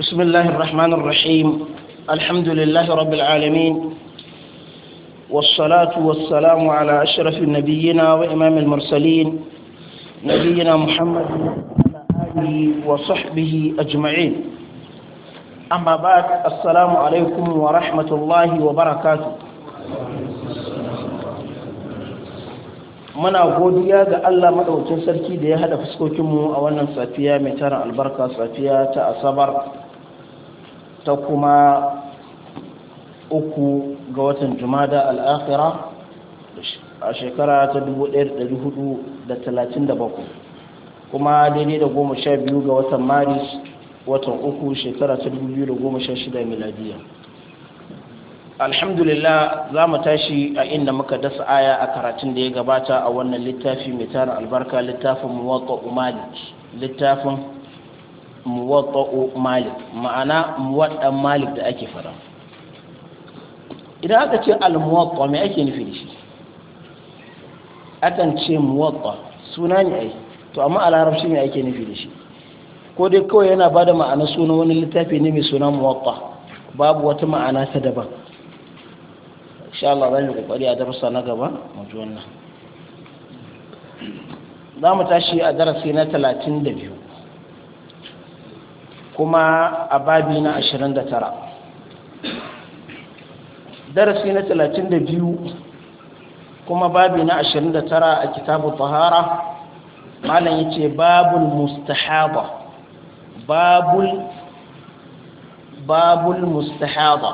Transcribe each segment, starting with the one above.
بسم الله الرحمن الرحيم الحمد لله رب العالمين والصلاة والسلام على أشرف النبيين وإمام المرسلين نبينا محمد وعلى آله وصحبه أجمعين أما بعد السلام عليكم ورحمة الله وبركاته muna godiya ga Allah madaukakin sarki da ya hada fuskokinmu a wannan safiya mai tara albarka safiya ta asabar ta kuma uku ga watan jumada al'afira a shekara ta 1437 kuma daidai da goma sha biyu ga watan maris watan uku shekara ta 2016 miladiya alhamdulillah za mu tashi a inda muka dasa aya a karatun da ya gabata a wannan littafi mai tara albarka littafin muwaƙa, umalik littafin muwatta'u malik ma'ana muwaddan malik da ake fara idan aka ce al-muwatta me ake nufi da shi akan ce muwatta suna ne ai to amma a larabci me ake nufi da shi ko dai kawai yana ba da ma'ana suna wani littafi ne mai suna muwatta babu wata ma'ana ta daban insha Allah zan yi kokari a darasa na gaba mu ji wannan za mu tashi a darasi na 32 kuma a babi na 29 darasi na 32 kuma babi na 29 a kitabu tahara malam ya ce babul mustahaba babul babul mustahaba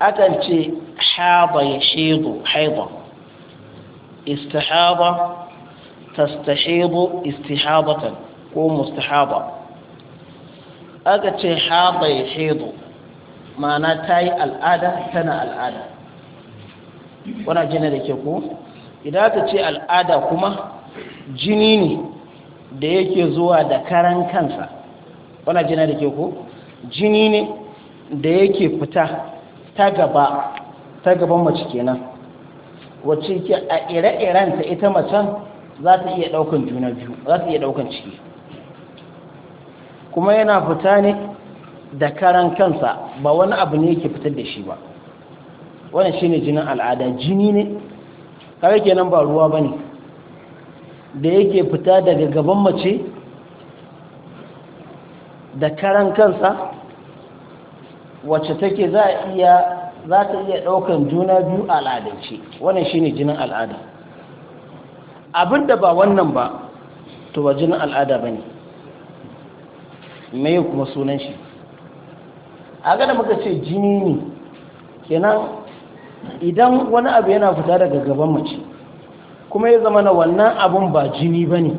akan ce haba ya shaidu haiba istihaba tastahidu istihabatan ko mustahaba aka ce haɗa ya shaidu ma'ana ta yi al'ada tana al'ada wana jini da ke ku idan aka ce al'ada kuma jini ne da yake zuwa da karan kansa wana jini da ke ku jini ne da yake fita ta gaba ta gaban mace kenan wacce ke a ire-irenta ita macen za ta iya ɗaukan juna biyu za ta iya ɗaukan ciki kuma yana fita ne da karan kansa ba wani abu ne yake fitar da shi ba shi shine jinin al'ada jini ne kawai kenan ba ruwa ba ne, da yake fita daga gaban mace da karan kansa wacce take za a iya za ta iya ɗaukan juna biyu al'adance wannan shine jinin al'ada abinda ba wannan ba to ba jinin al'ada bane mai kuma sunan shi a da muka ce jini ne kenan idan wani abu yana fita daga gaban mace kuma ya zama na wannan abun ba jini ba ne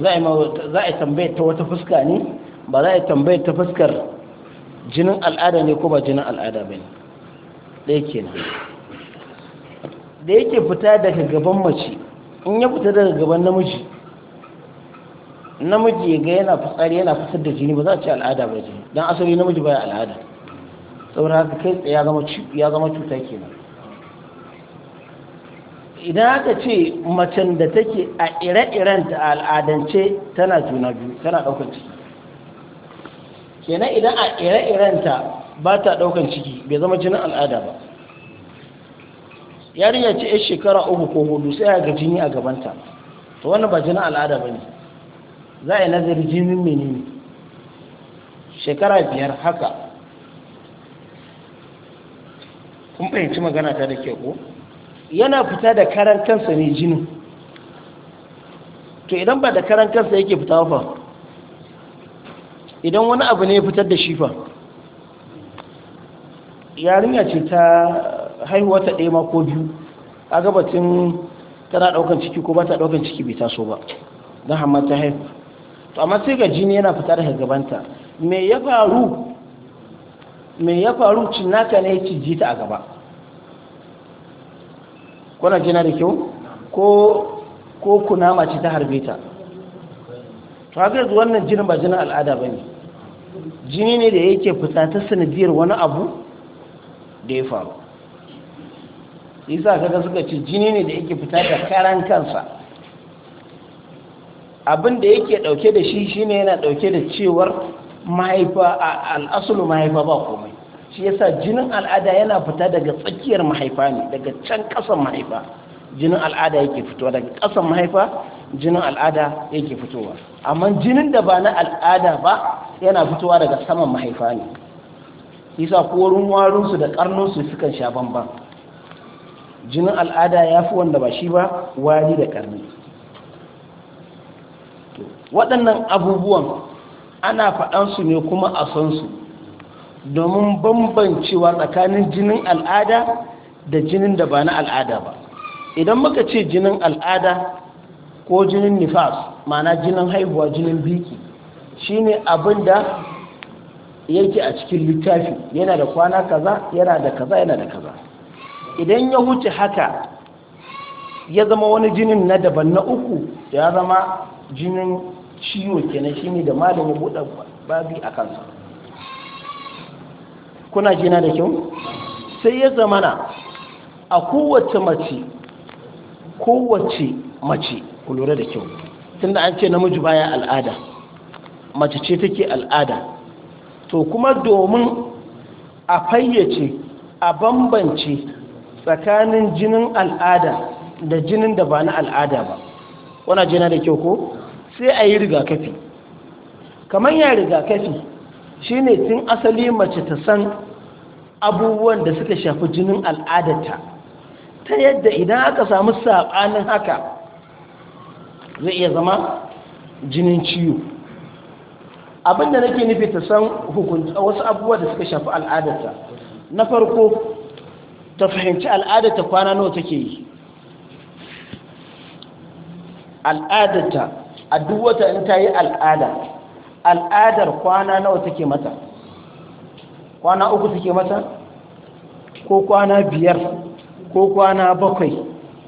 za a tambayar ta wata fuska ne ba za a tambayar ta fuskar jinin al'ada ne ko ba jinin al'ada ba ne ɗaya kenan da yake fita daga gaban mace in ya fita daga gaban namiji namiji ga yana fitsari yana fitar da jini ba za a ce al'ada ba jini don asali namiji baya al'ada saboda haka kai ya zama cuta kenan idan aka ce macen da take a ire-iren ta al'adance tana juna biyu tana daukan ciki kenan idan a ire-iren ta ba ta daukan ciki bai zama jinin al'ada ba yarinya ce 'yan shekara uku ko hudu sai ga jini a gabanta to wannan ba jinin al'ada ba ne za a yi nazari jinin menene shekara biyar haka kun fahimci magana ta da ke ko yana fita da karan kansa ne jinin to idan ba da karan kansa yake fita fa idan wani abu ne ya fitar da shi fa yarinya ce ta haihuwa ta ɗaya ma ko biyu a gabatin tana ɗaukan ciki ko ba ta ɗaukan ciki bai taso ba don hamar ta haihu amma sai ga jini yana fita daga gabanta me ya faru me ya faru cinnaka ne ya jita a gaba kuna jina da kyau ko ko kuna ce ta harbe ta to haka yanzu wannan jinin ba jinin al'ada ba ne jini ne da yake fita ta sanadiyar wani abu da ya faru isa kaga suka ce jini ne da yake fita da karan kansa abin da yake ɗauke da shi shine yana ɗauke da cewar mahaifa al'asulu mahaifa ba komai shi yasa jinin al'ada yana fita daga tsakiyar mahaifa ne daga can kasan mahaifa jinin al'ada yake fitowa daga kasan mahaifa jinin al'ada yake fitowa amma jinin da ba na al'ada ba yana fitowa daga saman mahaifa ne isa korin su da su sukan sha bamban jinin al'ada ya fi wanda ba shi ba wari da karni waɗannan abubuwan ana faɗan su ne kuma a san su domin bambancewa tsakanin jinin al'ada da jinin da ba na al'ada ba idan muka ce jinin al'ada ko jinin nifas mana jinin haihuwa jinin biki shine abin da yake a cikin littafi yana da kwana kaza yana da kaza yana da kaza idan ya huce haka ya zama wani jinin na daban na uku ya zama jinin ciwo kenan shine da malamin buɗe babi a kansa kuna jina da kyau sai ya zamana a kowace mace kowace mace ku lura da kyau tunda an ce namiji baya al'ada mace ce take al'ada to kuma domin a fayyace a bambance tsakanin jinin al'ada da jinin da ba na al'ada ba wana jina da kyau ko sai a yi rigakafi kamar ya rigakafi shine tun asali mace ta san abubuwan da suka shafi jinin al'adarta ta yadda idan aka samu saɓanin haka zai iya zama jinin ciwo abinda nake nufi ta san hukunta wasu abubuwa da suka shafi al'adarta na farko ta fahimci al'adarta kwana nawa take yi al'adarta a duk wata in ta yi al'ada al'adar kwana nawa take mata kwana uku take mata ko kwana biyar ko kwana bakwai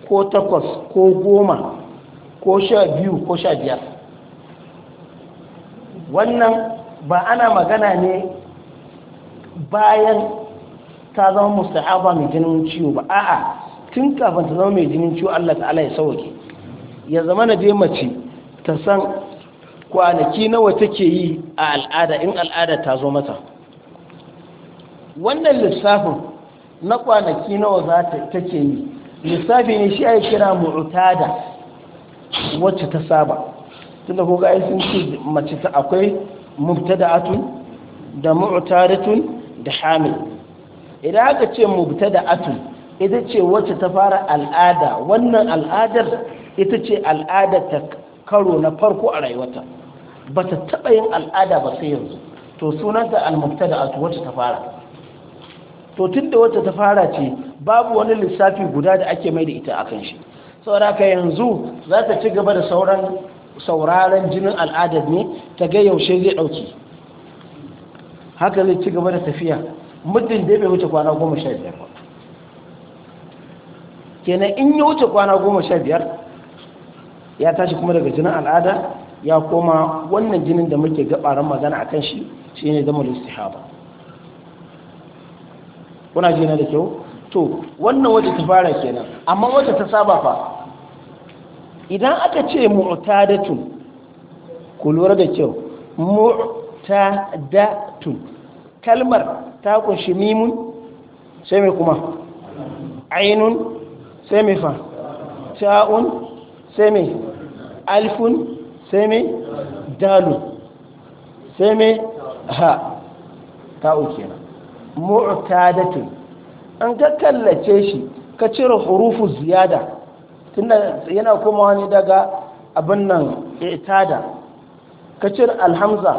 ko takwas ko goma ko sha biyu ko sha biyar wannan ba ana magana ne bayan ta zama musta'aba mai jinin ciwo ba a'a tun kafin ta zama mai jinin ciwo Allah ta'ala ya sauke ya zama na je mace ta san kwanaki nawa take yi a al'ada in al'ada ta zo mata wannan lissafin na kwanaki nawa za ta take yi lissafi ne shi ya kira mu'tada wacce ta saba tunda ko ga sun ce mace ta akwai mubtada'atun da mu'tadatun da hamil idan aka ce mubtada'atun ita ce wacce ta fara al'ada wannan al'adar ita ce al'adar ta karo na farko a rayuwarta ba ta taɓa yin al'ada ba sai yanzu to sunanta al da wacce ta fara to tun da wacce ta fara ce babu wani lissafi guda da ake mai da ita akan shi saboda ka yanzu za ta ci gaba da sauran sauraron jinin al'adar ne ta ga yaushe zai ɗauki haka zai ci gaba da tafiya muddin da bai wuce kwana goma sha biyar kenan in ya wuce kwana goma sha biyar ya tashi kuma daga jinin al'ada ya koma wannan jinin da muke gabaran magana a kan shi shi ne zama haɓa. kuna jina da kyau to wannan wajen ta fara kenan amma wajen ta saba fa idan aka ce mu'tadatun ku lura da kyau mu'tadatun kalmar ta kunshi mimun sai mai kuma ainun sai mai fa ta'un sai mai alifun sai mai dalu sai mai ha uke na mu'tadatun an ga kallace shi ka cire hurufu ziyada tunda yana kuma wani daga abin nan itada ka cire alhamza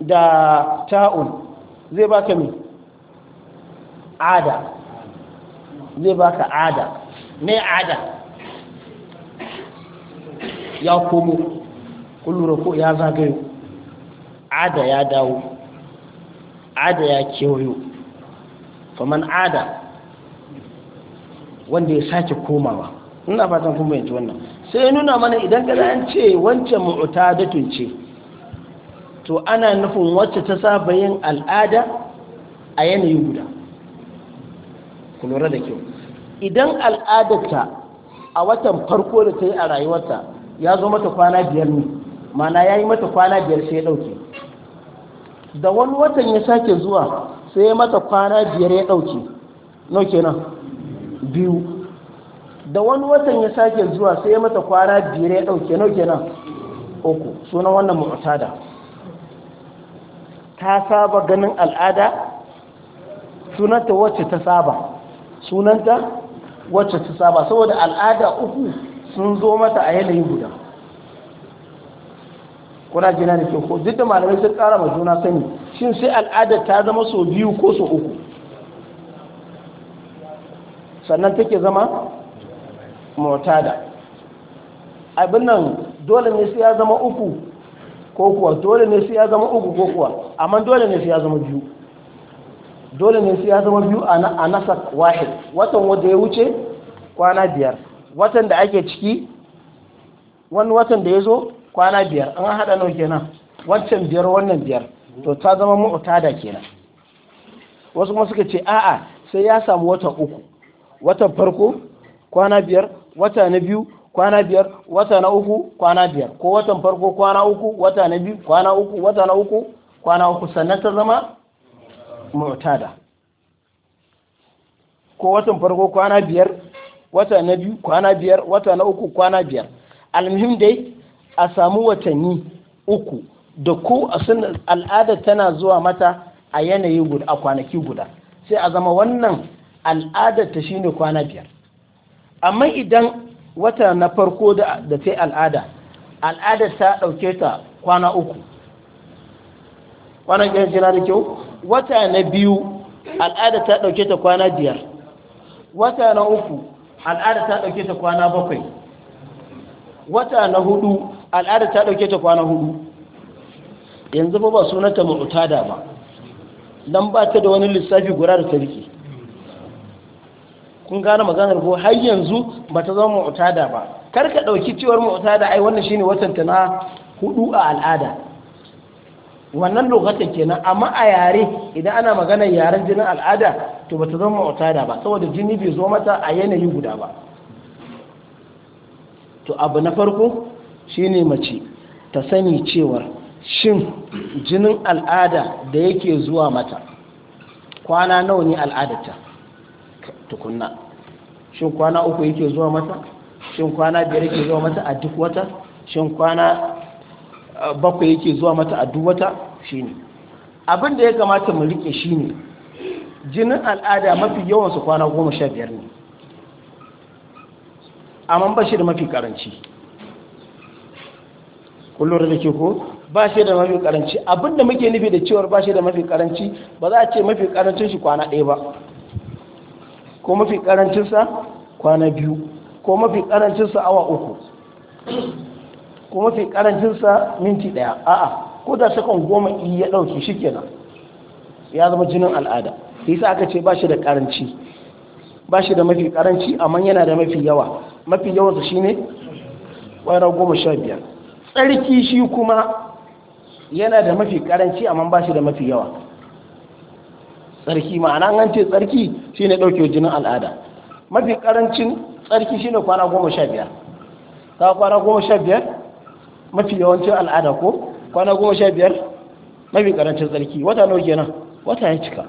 da ta'un zai baka mai ada zai baka ada me ada ya komo kun ko ya zagayo ada ya dawo ada ya kewayo faman ada wanda ya sake komawa ina fatan kuma yanzu wannan sai nuna mana idan ka zan ce wancan da ce to ana nufin wacce ta saba yin al'ada a yanayi guda ku lura da kyau idan al'adarta a watan farko da ta yi a rayuwarta ya zo mata kwana biyar ne mana ya yi mata kwana biyar sai ya ɗauke da wani watan ya sake zuwa sai ya mata kwana biyar ya ɗauke nau kenan biyu da wani watan ya sake zuwa sai ya mata kwana biyar ya ɗauke nau kenan uku sunan wannan mu'tada ta saba ganin al'ada sunanta wacce ta saba sunanta wacce ta saba saboda al'ada uku sun zo mata a yanayin guda kuna jina da ke ko duk da malamai sun kara ma juna sani shin sai al'adar ta zama sau biyu ko sau uku sannan take zama motada abin nan dole ne sai ya zama uku ko kuwa dole ne sai ya zama uku ko kuwa amma dole ne sai ya zama biyu dole ne sai ya zama biyu a nasa wahid watan wanda ya wuce kwana biyar watan da ake ciki wani watan da ya zo kwana biyar an haɗa nau kenan wancan biyar wannan biyar to ta zama mu'tada kenan wasu kuma suka ce a'a sai ya samu wata uku watan farko kwana biyar wata na biyu kwana biyar wata na uku kwana biyar ko watan farko kwana uku wata na biyu kwana uku wata na uku kwana uku sannan ta zama mu'tada ko watan farko kwana biyar wata na biyu kwana biyar wata na uku kwana biyar almuhim dai a samu watanni uku da ko a al'ada tana zuwa mata a yanayi guda a kwanaki guda sai a zama wannan al'ada ta shine kwana biyar amma idan wata na farko da ta al'ada al'ada ta ɗauke ta kwana uku kwanan jira da kyau wata na biyu al'ada ta ɗauke ta kwana biyar wata na uku al'ada ta ɗauke ta kwana bakwai wata na hudu al'ada ta ɗauke ta kwana hudu yanzu ba ba sunanta da ba don ba ta da wani lissafi gura da ta rike kun gane maganar ko har yanzu ba ta zama da ba karka ka ɗauki cewar da ai wannan shine watanta na hudu a al'ada wannan lokacin kenan amma a yare idan ana magana yaren jinin al'ada to bata zama mu'tada ba saboda jini bai zo mata a yanayi guda ba to abu na farko shine mace ta sani cewar shin jinin al'ada da yake zuwa mata kwana nawa ne al'adarta tukunna shin kwana uku yake zuwa mata shin kwana biyar yake zuwa mata a duk wata shin kwana bakwai yake zuwa mata a duk wata shine abin da ya kamata mu rike shine jinin al'ada mafi yawan su kwana goma sha biyar ne amma ba shi da mafi karanci kullum da ke ko ba shi da mafi karanci abin da muke nufi da cewar ba shi da mafi karanci ba za a ce mafi karancin shi kwana ɗaya ba ko mafi karancinsa kwana biyu ko mafi karancinsa awa uku ko mafi karancinsa minti ɗaya a'a ko da sakon goma iya ya ɗauki shi kenan ya zama jinin al'ada sa aka ce ba shi da karanci ba shi da mafi karanci amma yana da mafi yawa mafi yawansa ne ƙwara goma sha biyar tsarki shi kuma yana da mafi karanci amma ba shi da mafi yawa tsarki ma'ana an ce tsarki shi ne ɗauke jinin al'ada mafi karancin tsarki shi ne kwana goma sha biyar ta kwana goma sha biyar mafi yawancin al'ada ko kwana goma sha biyar mafi karancin tsarki wata nawa kenan wata ya cika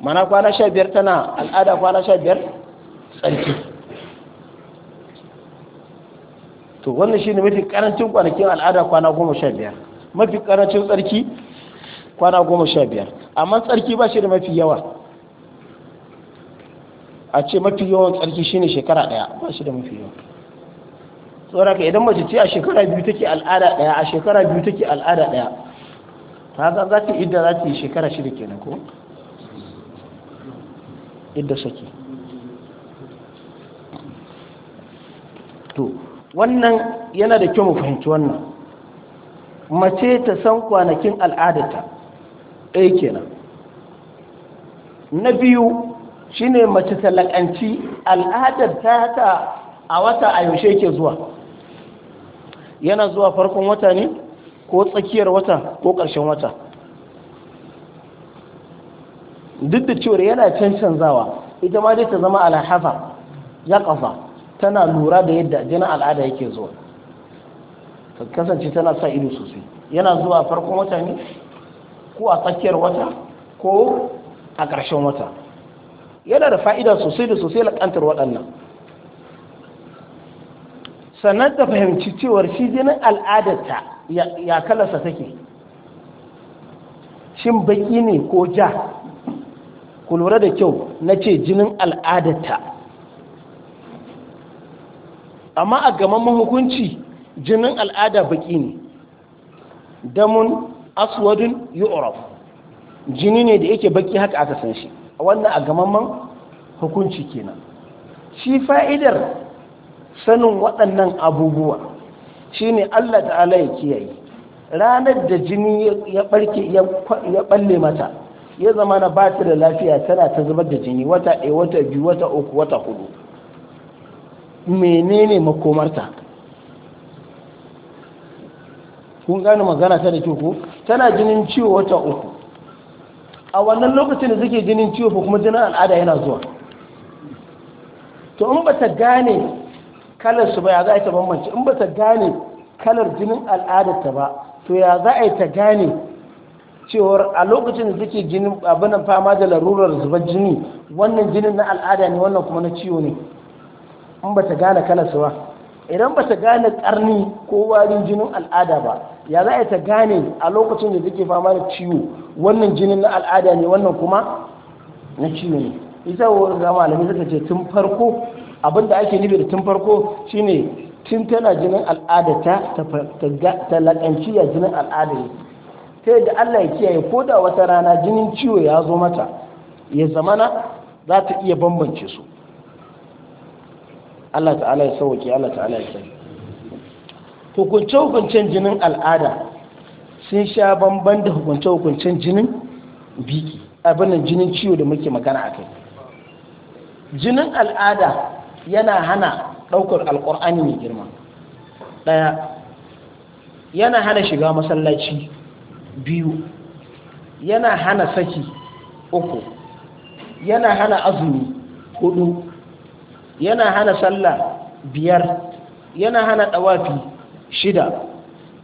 mana kwana sha biyar tana al'ada kwana sha biyar tsarki to wannan shine mafi karancin kwanakin al'ada kwana goma sha biyar mafi karancin tsarki kwana goma sha biyar amma tsarki ba shi da mafi yawa a ce mafi yawan tsarki shine shekara ɗaya ba shi da mafi yawa saboda ka idan mace ce a shekara biyu take al'ada daya a shekara biyu take al'ada daya ta za ta idda za ta yi shekara shida kenan ko idda saki to wannan yana da kyau mu fahimci wannan mace ta san kwanakin al'adata ɗaya kenan na biyu shine mace ta laƙanci al'adar ta ta a wata a yaushe ke zuwa yana zuwa farkon wata ne ko tsakiyar wata ko ƙarshen wata duk da cewar yana canzawa, ita ma dai ta zama alhafa ya ƙafa tana lura da yadda jinin al'ada yake zuwa ta kasance tana sa ido sosai yana zuwa farkon wata ne ko a tsakiyar wata ko a ƙarshen wata yana da fa'ida sosai da sosai laƙantar waɗannan sannan ta fahimci cewar shi jinin al'adarta ya kalarsa take shin baki ne ko ja ku lura da kyau na ce jinin al'adarta amma a gaman mahukunci jinin al'ada baki ne damun aswadun yu'raf jini ne da yake baki haka aka san shi wannan a gaman hukunci kenan shi fa'idar sanin waɗannan abubuwa shine Allah ta'ala ya kiyaye ranar da jini ya ɓarke ya ɓalle mata ya zama na bata da lafiya tana ta zubar da jini wata ɗaya wata biyu wata uku wata hudu menene makomarta kun gane magana ta da ke ko tana jinin ciwo wata uku a wannan lokacin da suke jinin ciwo ko kuma jinin al'ada yana zuwa to in ba ta gane kalar su ba ya za a yi ta bambance in ba ta gane kalar jinin al'adarta ba to ya za a yi ta gane cewar a lokacin da take jinin abinan fama da larurar zuba jini wannan jinin na al'ada ne wannan kuma na ciwo ne in ba ta gane su ba idan ba ta gane karni ko warin jinin al'ada ba ya za a ta gane a lokacin da take fama da ciwo wannan jinin na al'ada ne wannan kuma na ciwo ne isa wa ga malamai suka ce tun farko abin da ake nufi da tun farko shine tun tana jinin al'ada ta talakanci ya jinin al'ada ne ta yadda Allah ya kiyaye ko da wata rana jinin ciwo ya zo mata ya zamana za ta iya bambance su Allah ta'ala ya sauke Allah ta'ala ya sai hukunce-hukuncen jinin al'ada sun sha bamban da hukunce-hukuncen jinin biki abin jinin ciwo da muke magana a kai jinin al'ada yana hana ɗaukar alƙur'ani mai girma ɗaya yana hana shiga masallaci biyu yana hana saki uku yana hana azumi hudu yana hana sallah biyar yana hana ɗawafi shida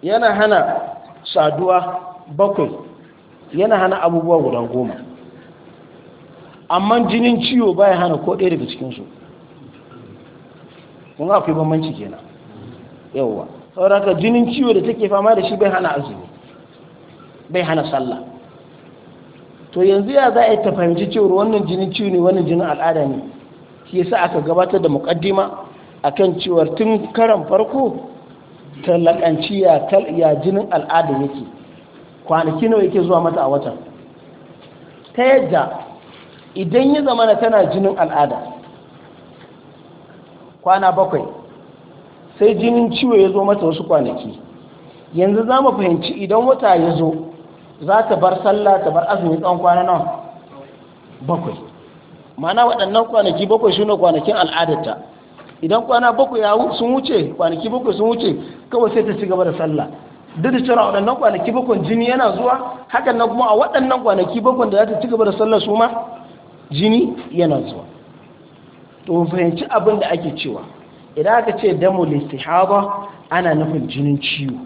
yana hana saduwa bakwai yana hana abubuwa guda goma amma jinin ciwo baya hana ko ɗaya daga cikinsu kun ga akwai bambanci kenan yawwa saboda haka jinin ciwo da take fama da shi bai hana azumi bai hana sallah to yanzu ya za a yi ta fahimci cewar wannan jinin ciwo ne wannan jinin al'ada ne shi yasa aka gabatar da muqaddima akan cewar tun karan farko talakanci ya ya jinin al'ada yake kwanaki nawa yake zuwa mata a watan? ta yadda idan ya zamana tana jinin al'ada kwana bakwai sai jinin ciwo ya zo mata wasu kwanaki yanzu za mu fahimci idan wata ya zo za ta bar sallah ta bar azumi tsawon kwana nawa bakwai mana waɗannan kwanaki bakwai shi ne kwanakin al'adarta idan kwana bakwai sun wuce kwanaki bakwai sun wuce kawai sai ta ci gaba da sallah duk da cewa waɗannan kwanaki bakwai jini yana zuwa hakan nan kuma a waɗannan kwanaki bakwai da za ta ci gaba da sallah su ma jini yana zuwa to fahimci abin da ake cewa idan aka ce damu listihaba ana nufin jinin ciwo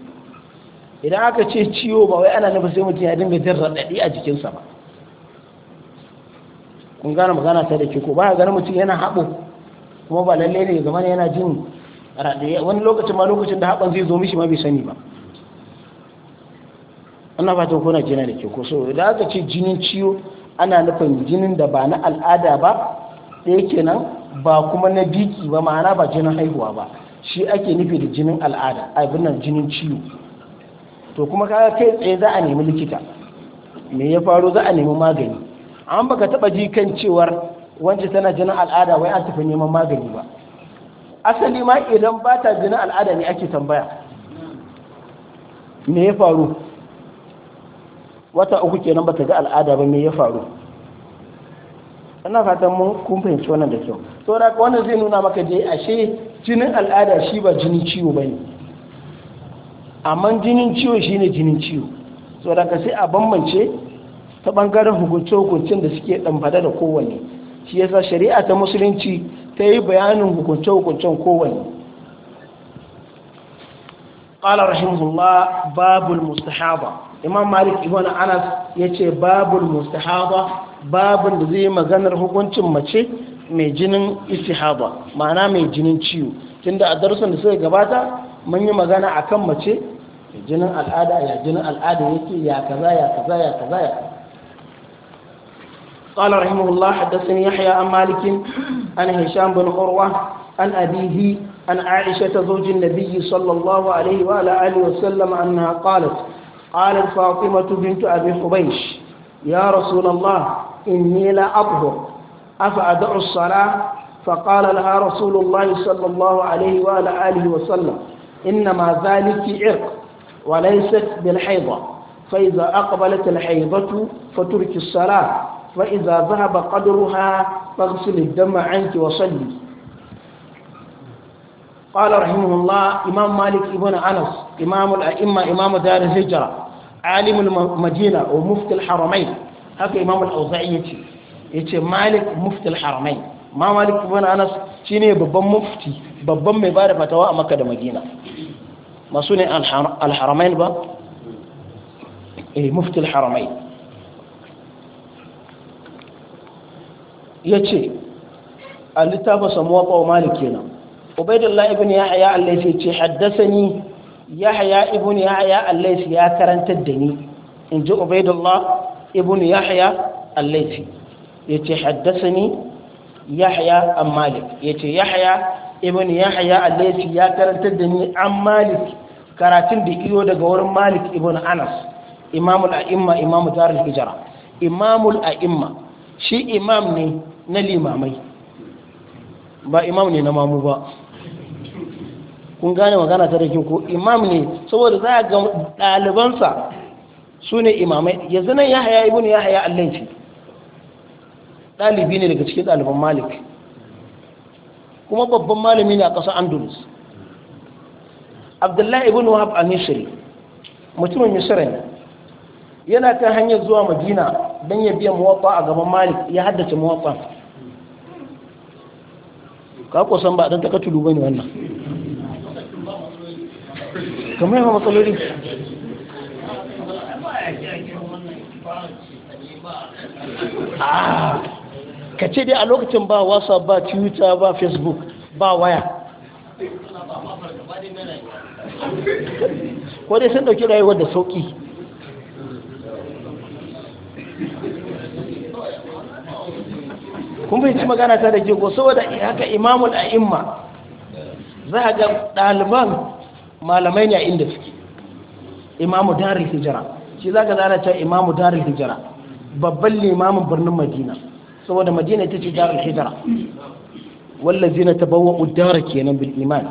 idan aka ce ciwo ba wai ana nufin sai mutum ya dinga jin raɗaɗi a jikinsa ba kun gane magana ta da ke ko ba ganin mutum yana haɓo kuma ba lalle ne zama yana jin raɗaɗi wani lokacin ma lokacin da haɓan zai zo mishi ma bai sani ba ana fatan kuna jina da ke ko so idan aka ce jinin ciwo ana nufin jinin da ba na al'ada ba ɗaya kenan ba kuma na biki ba ma'ana ba jinin haihuwa ba shi ake nufi da jinin al'ada abin nan jinin ciwo to kuma kaga kai tsaye za a nemi likita me ya faru za a nemi magani an baka taba ji kan cewar wance tana jinin al'ada wai an tafi neman magani ba asali ma idan ba ta jinin al'ada ne ake tambaya me ya faru wata uku kenan bata ga al'ada ba me ya faru ina fatan mun kun fahimci wannan da kyau saboda ka wannan zai nuna maka dai ashe jinin al'ada shi ba jinin ciwo ba ne amma jinin ciwo shi ne jinin ciwo saboda ka sai a bambance ta bangaren hukunce hukuncin da suke ɗanfada da kowanne shi yasa shari'a ta musulunci ta yi bayanin hukunce-hukuncen kowanne قال رحمه الله باب imam malik ibn anas ya ce babul mustahaba babun da zai maganar hukuncin mace mai jinin istihaba ma'ana mai jinin ciwo tunda a darussan da suka gabata mun yi magana akan mace jinin al'ada ya jinin al'ada yake ya kaza ya kaza ya kaza ya قال رحمه الله حدثني يحيى عن مالك عن هشام بن عروة عن أبيه عن عائشة زوج النبي صلى الله عليه وعلى آله وسلم أنها قالت قالت فاطمة بنت أبي حبيش يا رسول الله إني لا أطهر أفأدع الصلاة فقال لها رسول الله صلى الله عليه وعلى آله وسلم إنما ذلك عرق وليست بالحيضة فإذا أقبلت الحيضة فترك الصلاة فإذا ذهب قدرها فاغسل الدم عنك وصلي قال رحمه الله إمام مالك ابن أنس إمام الأئمة إمام دار الهجرة عالم المدينة ومفتي الحرمين هكا إمام الأوزاعي يتي مالك مفتي الحرمين ما مالك ابن أنس شيني ببن مفتي ببن مبارك فتوى مكة مدينة ما سوني الحرمين با إيه مفتي الحرمين يتي اللي تابس موطأ مالك هنا ubaidullah ibn yahya allaisi ce haddasani yahya ibn yahya allaisi ya karantar da ni in ubaidullah ibn yahya allaisi ya ce haddasani yahya an malik ya ce yahya ibn yahya allaisi ya karantar da ni an malik karatun da iyo daga wurin malik ibn anas imamul a'imma imamu darul hijra imamul a'imma shi imam ne na limamai ba imam ne na mamu ba kun gane magana ta rikin ko imam ne saboda za a ga ɗalibansa su ne imamai yanzu nan ya haya ne ya haya allanci ɗalibi ne daga cikin ɗaliban malik kuma babban malami ne a ƙasar andalus abdullahi ibu wahab a misiri mutumin misira yana kan hanyar zuwa madina don ya biya muwaffa a gaban malik ya haddace muwaffa ka kusan ba ɗan taka tudu ne wannan kamar yawan matsaloli ka ce dai a lokacin ba wasa ba twitter ba facebook ba waya wadai sun dauki rayuwar da sauki kun ci magana ta da ke saboda haka imamul a'imma za a ga ɗaliban malamai ne a inda suke imamu darul hijira shi zaka zara ta imamu darul hijira babban limamin birnin madina saboda madina ita ce darul hijira wallazina tabawwa'u dara kenan bil iman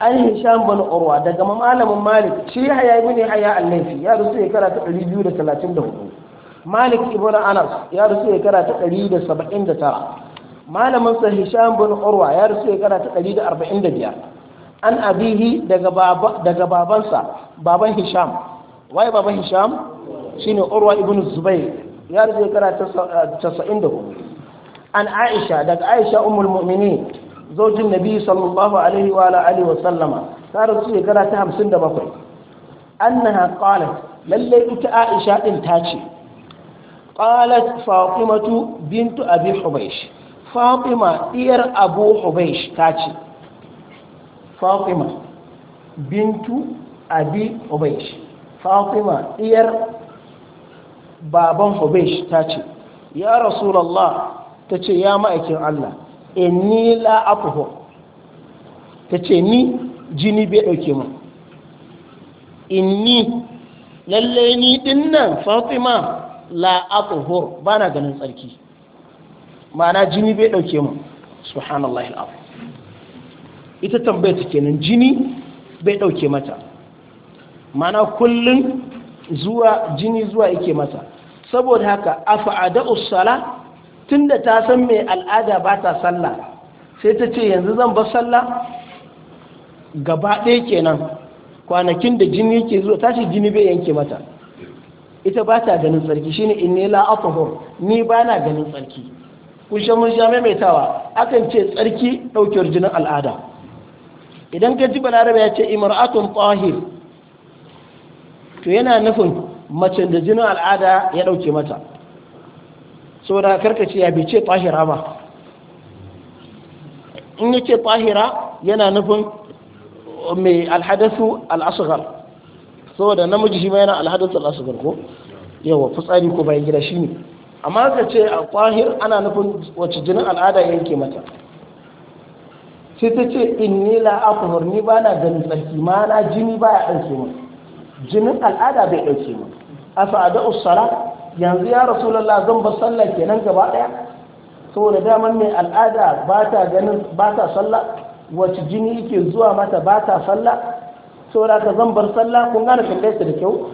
an yi hisham bani urwa daga malamin malik shi haya ibn haya al-laythi ya rusu ya karata 234 malik ibn anas ya rusu ya karata 179 Malaminsa hisham bin urwa ya rasu ya shekara ta 145 an abihi daga babansa baban hisham waye baban hisham shine urwa ibn zubair ya rasu ya shekara ta 94 eh, an aisha daga aisha ummul mu'minin zaujin nabi sallallahu alaihi wa alihi wa sallama ta rasu ya shekara ta 57 annaha qalat lalle ita aisha din ta ce qalat fatimatu bintu abi hubaysh fatima diyar abu hubaish ta ce fatima bintu abi hubaish fatima diyar baban hubaish ta ce ya rasulallah ta ce ya ma'aikin allah inni la afuhu ta ce ni jini bai ɗauke mu inni lalle ni dinnan fatima la afuhu ba na ganin tsarki ma'ana jini bai ɗauke mu subhanallah al'afu ita tambayar ta kenan jini bai ɗauke mata ma'ana kullum zuwa jini zuwa yake mata saboda haka da usala tunda ta san mai al'ada ba ta sallah sai ta ce yanzu zan ba sallah gaba ɗaya kenan kwanakin da jini yake zuwa tashi jini bai yanke mata ita ba ta ganin tsarki shine inni la afahur ni ba na ganin tsarki kun sha mun sha maimaitawa akan ce tsarki ɗaukewar jinin al'ada idan ka ji balarabe ya ce imra'atun tahir to yana nufin macen da jinin al'ada ya ɗauke mata saboda karkace ya bai ce tahira ba in ya ce tahira yana nufin mai alhadasu al'asugar saboda namiji shi ma yana alhadasu al'asugar ko yawa fitsari ko bayan gida shi ne amma ka ce a ƙwahir ana nufin wacce jinin al'ada yanke mata sai ta ce in ni la ni ba na ganin tsarki ma na jini ba ya ɗauke mu jinin al'ada bai ɗauke A afa'ada usara yanzu ya rasu lalla zan bar sallah kenan gaba ɗaya saboda daman mai al'ada ba ta ganin ba ta sallah wacce jini yake zuwa mata ba ta sallah saboda ka zan bar sallah kun gane tambayar da kyau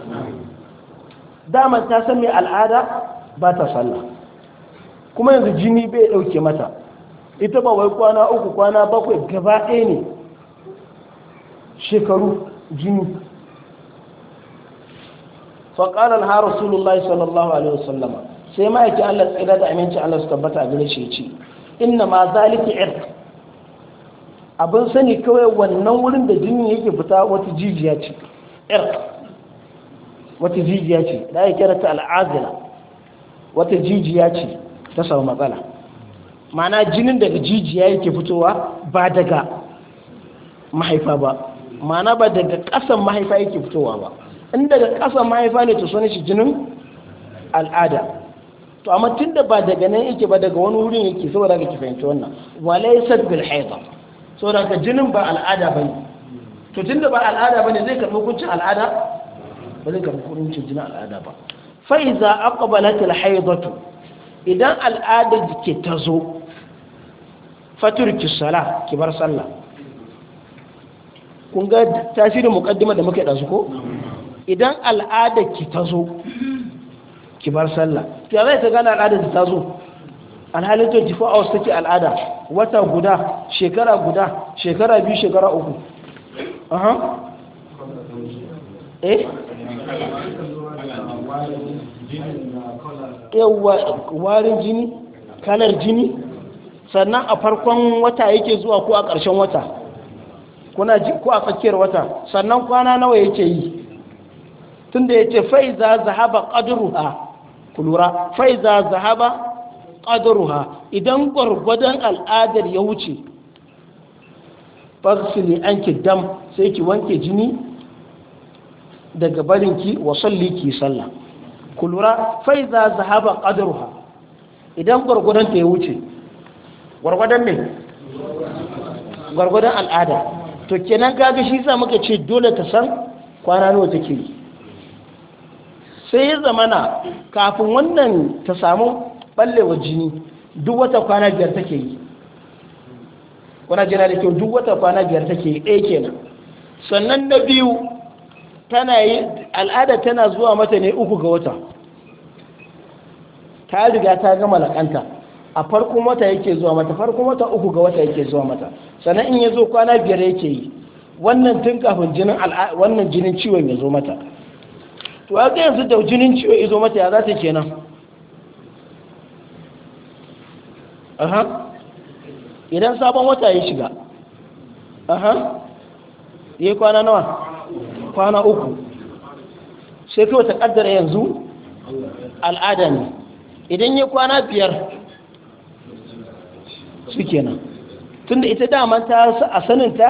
dama ta san mai al'ada ba ta sallah kuma yanzu jini bai ɗauke mata ita ba wai kwana uku kwana bakwai gaba ɗaya ne shekaru jini faƙarar ha rasulullahi sallallahu alaihi wasallama sai ma'aikin allah tsira da aminci allah su tabbata a gare shi ce inna ma zalika irk abin sani kawai wannan wurin da jini yake fita wata jijiya ce irk wata jijiya ce da ya kira ta al'azila wata jijiya ce ta samu matsala mana jinin daga jijiya yake fitowa ba daga mahaifa ba mana ba daga ƙasan mahaifa yake fitowa ba in daga ƙasan mahaifa ne to sani shi jinin al'ada to amma tun da ba daga nan yake ba daga wani wurin yake saboda ka ki fahimci wannan wala yasad bil haida saboda ka jinin ba al'ada bane to tun da ba al'ada bane zai karɓi hukuncin al'ada ba zai karɓi hukuncin jinin al'ada ba fa'iza aqbalatil haidatu idan al'adar jike ta zo faturki sala ki bar sallah kun ga tasirin muqaddima da muka ɗansu ko idan al'adar ki ta zo ki bar sallah ya zai ta gana al'adar ta zo alhalin a wasu take al'ada wata guda shekara guda shekara biyu shekara uku aha eh yawa warin jini kalar jini sannan a farkon wata yake zuwa ko a ƙarshen wata kuna ji ko a tsakiyar wata sannan kwana nawa yake yi tunda yace faiza zahaba qadruha kulura faiza zahaba qadruha idan gwargwadon al'adar ya wuce an anki dam sai ki wanke jini daga barinki wa salli ki sallah Kulura fai za zahaba qadruha idan gwargwadon ta ya wuce gwargwadon ne gwargwadon al'ada to kenan kaga shi sa muka ce dole ta san kwana nawa take yi sai ya zamana kafin wannan ta samu ballewa jini duk wata kwana biyar take yi kwana jina da kyau duk wata kwana biyar take yi ɗaya kenan sannan na biyu tana yi al'ada tana zuwa mata ne uku ga wata ta riga ta gama lakanta a farkon wata yake zuwa mata farkon wata uku ga wata yake zuwa mata sannan in ya zo kwana biyar yake yi wannan tun kafin jinin wannan jinin ciwon ya zo mata to a ga yanzu da jinin ciwon ya zo mata ya za ta kenan aha idan sabon wata ya shiga aha yi kwana nawa kwana uku sai fi wata kaddara yanzu al'ada ne idan ya kwana biyar su kenan tunda ita daman ta a saninta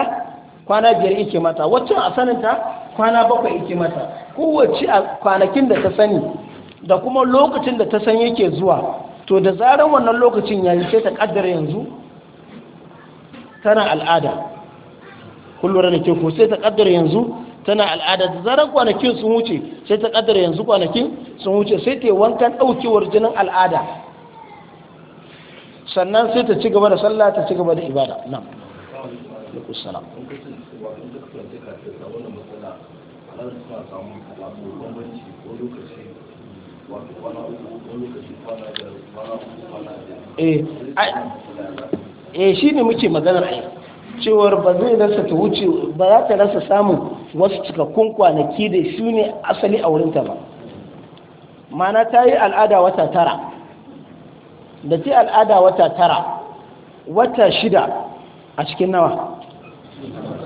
kwana biyar ike mata waccan a saninta kwana bakwai ike mata kowace a kwanakin da ta sani da kuma lokacin da ta san yake zuwa to da zaran wannan lokacin ya yi sai ta kaddara yanzu tana al'ada kullum da ke ko sai ta kaddara yanzu tana al'ada da zarar kwanakin sun wuce sai ta kaddara yanzu kwanakin sun wuce sai ta yi wankan daukewar jinin al'ada sannan sai ta ci gaba da sallah ta ci gaba da ibada nan alaikussalam eh, eh shi ne muke maganar aiki cewar ba zai rasa ta wuce ba za ta rasa samun wasu cikakkun kwanaki da shi ne asali a wurinta ba mana ta yi al'ada wata tara da ta al'ada wata tara wata shida a cikin nawa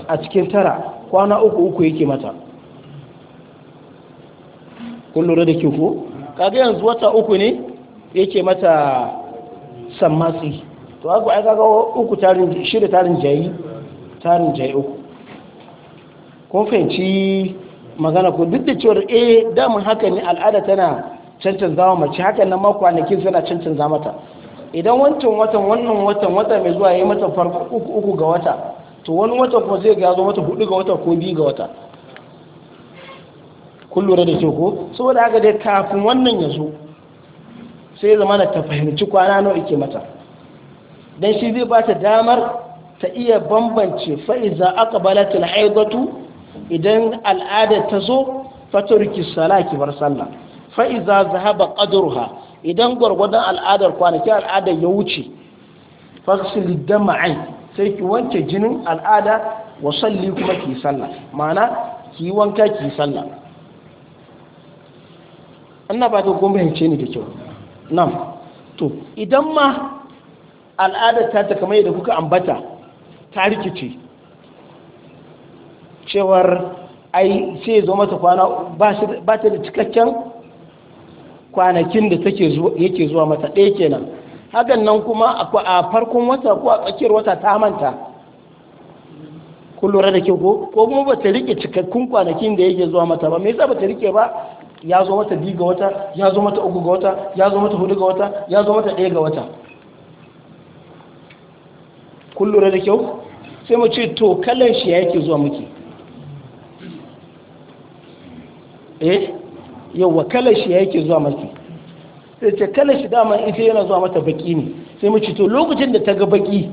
a cikin tara kwana uku uku yake mata kun da ke ko kaga yanzu wata uku ne yake mata sammatsi to haka ai kaga uku tarin shida tarin jayi tarin jayi uku kun fahimci magana ko duk da cewar eh damun haka ne al'ada tana cancanza zama mace hakan nan ma kwanakin suna cancanza mata idan wancan watan wannan watan wata mai zuwa yayi mata farko uku uku ga wata to wani wata kuma zai ga zo mata hudu ga wata ko biyu ga wata kun lura da ko saboda haka dai kafin wannan ya zo sai zama ta fahimci kwana nawa yake mata dan shi zai bata damar ta iya bambance fa'iza aka aqbalat haidatu idan al'ada ta zo faturki salaki bar sallah fa'iza zahaba qadruha idan gwargwadon al'adar kwanaki al'adar ya wuce da dama'ai sai ki wanke jinin al'ada wa salli kuma ki sallah mana ki wanka ki sallah annaba ta gumbahince ne da kyau nan to idan ma al'adar ta ta kamar yadda kuka ambata ta rikice cewar ai sai zo mata kwana ba ta da cikakken kwanakin da yake zuwa mata ɗaya kenan hakan nan kuma a farkon wata ko a tsakiyar wata ta manta kun lura da ke ko kuma ba ta rike cikakkun kwanakin da yake zuwa mata ba me yasa ba ta rike ba ya zo mata biyu ga wata ya zo mata uku ga wata ya zo mata hudu ga wata ya zo mata ɗaya ga wata kun lura da kyau sai mu ce to kallon shi yake zuwa muke eh wa kallon shi yake zuwa muke sai ce kallon shi dama ita yana zuwa mata baki ne sai mu ce to lokacin da ta ga baki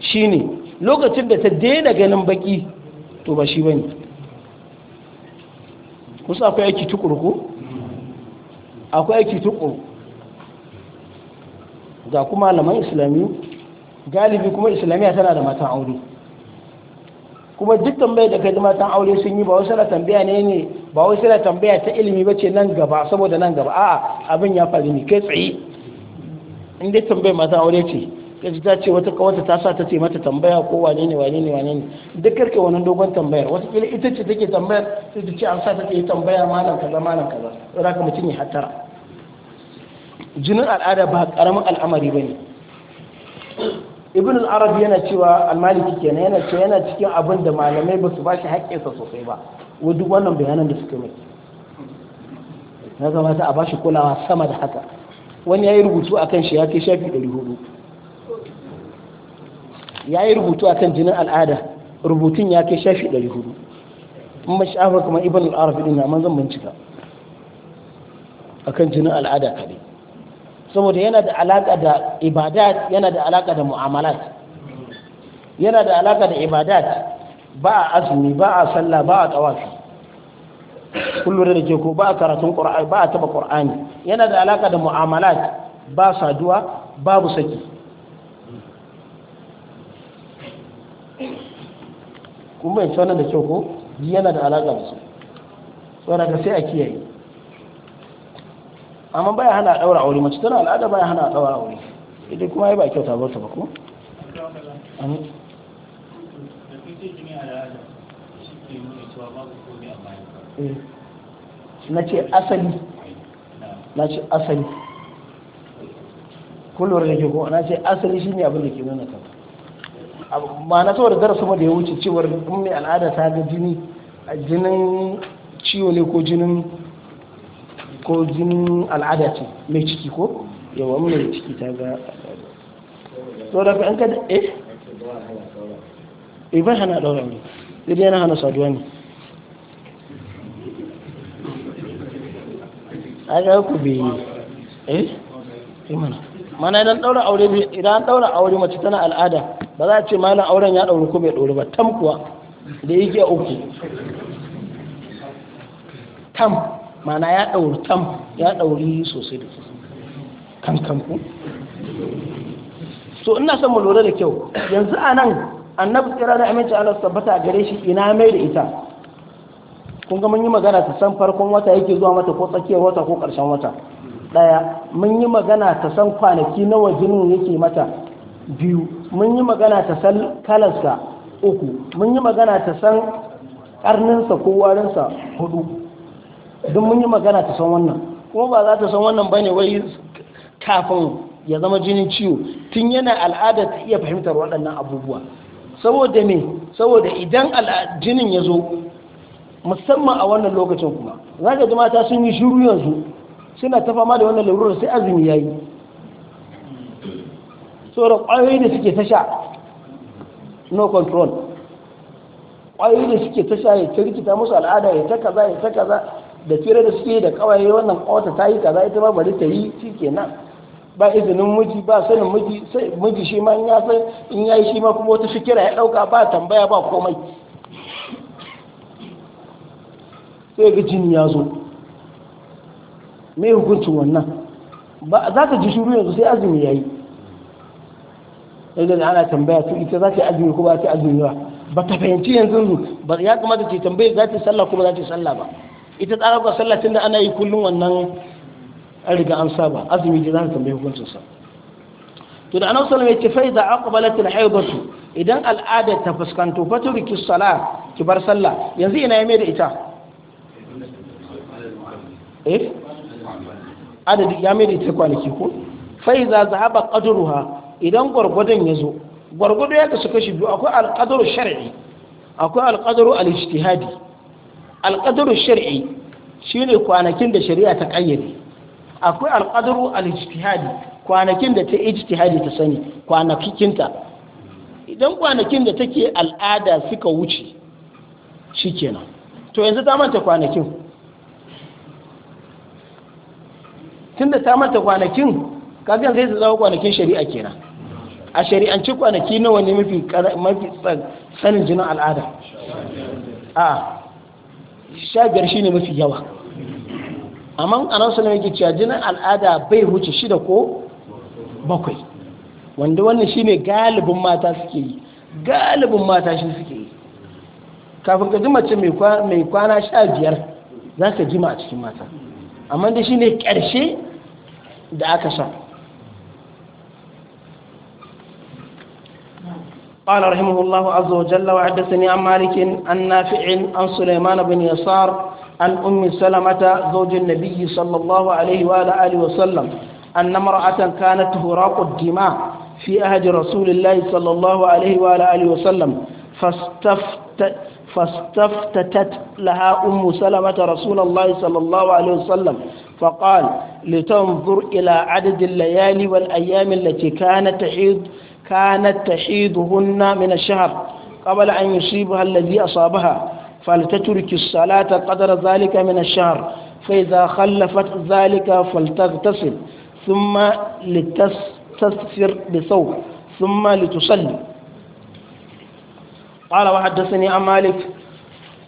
shine lokacin da ta daina ganin baki to ba shi bane kusa akwai aiki tukuru ko akwai aiki tukuru ga kuma malaman islami? galibi kuma islamiyya tana da matan aure kuma duk tambayar da kai matan aure sun yi ba wasu na tambaya ne ne ba wasu na tambaya ta ilimi ba ce nan gaba saboda nan gaba a'a abin ya faru ne kai tsaye in dai tambayar matan aure ce kaji ta ce wata kawata ta sa ta ce mata tambaya ko wane ne wane ne wane ne duk karke wannan dogon tambayar wata kila ita ce take tambayar sai ta ce an sa ta yi tambaya malam kaza malam kaza za ka mutum ya hattara jinin al'ada ba karamin al'amari ba ne ibn al arabi yana cewa al-maliki kenan yana cewa yana cikin abin da malamai ba su bashi haƙƙinsa sosai ba wa duk wannan bayanan da suka mai na ta a bashi kulawa sama da haka wani yayi rubutu akan shi ya kai shafi 400 yayi rubutu akan jinin al'ada rubutun ya kai shafi 400 in ba shafa kuma ibn al arabi din na man zan bincika akan jinin al'ada kadai saboda yana da alaka da ibadat yana da alaka da mu'amalat yana da alaka da ibadat ba a azumi ba a sallah ba a tawafi kullum da ke ko ba a karatun qur'ani ba a taba qur'ani yana da alaka da mu'amalat ba saduwa babu saki kuma bai da kyau ko yana da alaka da su saboda sai a kiyaye amma baya hana daura aure mace tana al'ada baya hana daura aure idan kuma ai ba kyauta ba ta ba ko eh. na ce asali na ce asali kullum da ke ko na ce asali shi ne abin da ke nuna kan amma na saboda darasu ma da ya wuce cewar in mai al'ada ta ga jini a jinin ciwo ne ko jinin ko jinin al'ada ce mai ciki ko yawa mai ciki ta ga to da an kada eh ibai eh, hana daura ne idan yana hana saduwa ne a ga ku bi eh imana eh, mana idan daura aure idan daura aure mace tana al'ada ba za a ce malam auren ya dauri ko bai dauri ba tam kuwa da yake uku tam mana ya ɗauri tam ya ɗauri sosai da kankanku. So ina son mu lura da kyau yanzu a nan annabi tsira da aminci ana tabbata gare shi ina mai da ita kun ga mun yi magana ta san farkon wata yake zuwa mata ko tsakiyar wata ko ƙarshen wata ɗaya mun yi magana ta san kwanaki nawa jinin yake mata biyu mun yi magana ta san kalarsa uku mun yi magana ta san ƙarninsa ko warinsa hudu don mun yi magana ta san wannan kuma ba za ta san wannan ba ne wai kafin ya zama jinin ciwo tun yana al'ada ta iya fahimtar waɗannan abubuwa saboda me saboda idan jinin ya zo musamman a wannan lokacin kuma za ka ji mata sun yi shiru yanzu suna ta fama da wannan lalurar sai azumi ya yi saboda ƙwayoyi da suke tasha no control ƙwayoyi da suke tasha ya ta rikita musu al'ada ya ta kaza ya ta kaza da fira da suke da kawai wannan kawata ta yi kaza ita ma bari ta yi shikenan ba izinin miji ba sanin miji sai miji shi ma in ya san in ya yi shi ma kuma wata shikira ya dauka ba tambaya ba komai sai ga jini ya zo me hukuncin wannan ba za ka ji shuru yanzu sai azumi yi. idan ana tambaya to ita za ta yi azumi ko ba ta yi azumi ba ba ta fahimci yanzu ba ya kamata ce tambaye za ta yi sallah ko ba za ta sallah ba ita tsarabar sallah tun da ana yi kullum wannan riga an saba azumi ji za ka tambayi hukuncinsa to da annabi sallallahu alaihi wasallam ya ce fa idza aqbalat al idan al'ada ta fuskanto faturiki salat ki bar sallah yanzu ina yame da ita eh adadi ya mai da ita kwanaki ko fa idza zahaba qadruha idan gwargwadon ya zo gwargwado ya suka shi biyu akwai al-qadru shar'i akwai al-qadru al-ijtihadi alƙadaru shari'i ne kwanakin da shari'a ta ƙayyade akwai alƙadaru al-ijtihadi kwanakin da ta ijtihadi ta sani kwanakinta idan kwanakin da take al'ada suka wuce shi kenan to yanzu ta manta kwanakin tunda ta manta kwanakin kaga zai zama kwanakin shari'a kenan a shari'ance kwanaki nawa ne mafi mafi sanin jinin al'ada a Shabiyar biyar shi ne mafi yawa amma anan sanar yake cewa jinin al'ada bai huce shida ko bakwai wanda wannan shi ne galibin mata suke yi galibin mata shi suke yi kafin ka jima ce mai kwana shabiyar biyar za ka jima a cikin mata amma da shi ne ƙarshe da aka sa قال رحمه الله عز وجل وحدثني عن مالك عن نافع عن سليمان بن يسار عن أم سلمة زوج النبي صلى الله عليه وآله آله وسلم أن امرأة كانت هراق الدماء في أهد رسول الله صلى الله عليه وآله آله وسلم فاستفت فاستفتتت لها أم سلمة رسول الله صلى الله عليه وسلم فقال لتنظر إلى عدد الليالي والأيام التي كانت تحيض كانت تحيضهن من الشهر قبل أن يصيبها الذي أصابها فلتترك الصلاة قدر ذلك من الشهر فإذا خلفت ذلك فلتغتسل ثم لتستثفر بثوب ثم لتصلي قال وحدثني عن مالك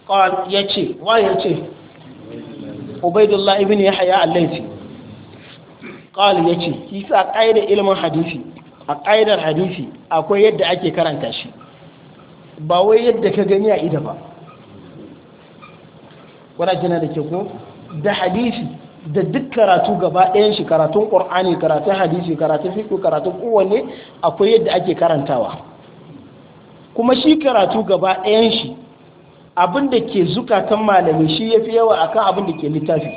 قال يتي ويتي عبيد الله ابن يحيى الليثي قال يتي كيسا قيد علم حديثي a ƙa'idar hadisi akwai yadda ake karanta shi ba wai yadda ka gani a ida ba wadda jina da ke ko da hadisi da duk karatu gaba ɗayan shi karatun ƙor'ani karatun hadisi karatun fiƙo karatun kowanne akwai yadda ake karantawa kuma shi karatu gaba ɗayan shi abinda ke zukatan malami shi ya fi yawa akan kan abinda ke littafi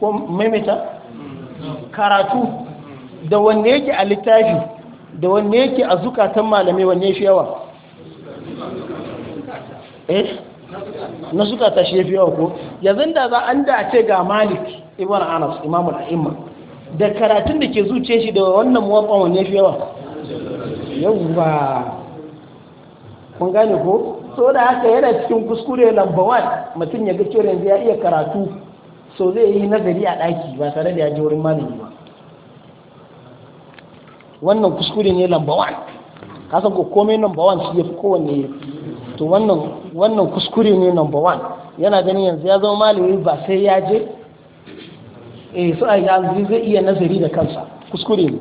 ko maimaita karatu da wanne yake a littafi da wanne yake a zukatan malamai wanne shi yawa eh na zukata shi yafi yawa ko yanzu da za an da ce ga malik ibn anas imamul a'imma da karatun da ke zuce shi da wannan muwaffan wanne fi yawa yawa kun gane ko so da haka yana cikin kuskure lamba mutum ya ga cewa yanzu ya iya karatu so zai yi nazari a ɗaki ba tare da ya je wurin malami ba wannan kuskure ne lamba wan kasan ko komai lamba wan shi ya fi kowanne to wannan kuskure ne lamba wan yana ganin yanzu ya zama malami ba sai ya je eh su a yanzu zai iya nazari da kansa kuskure ne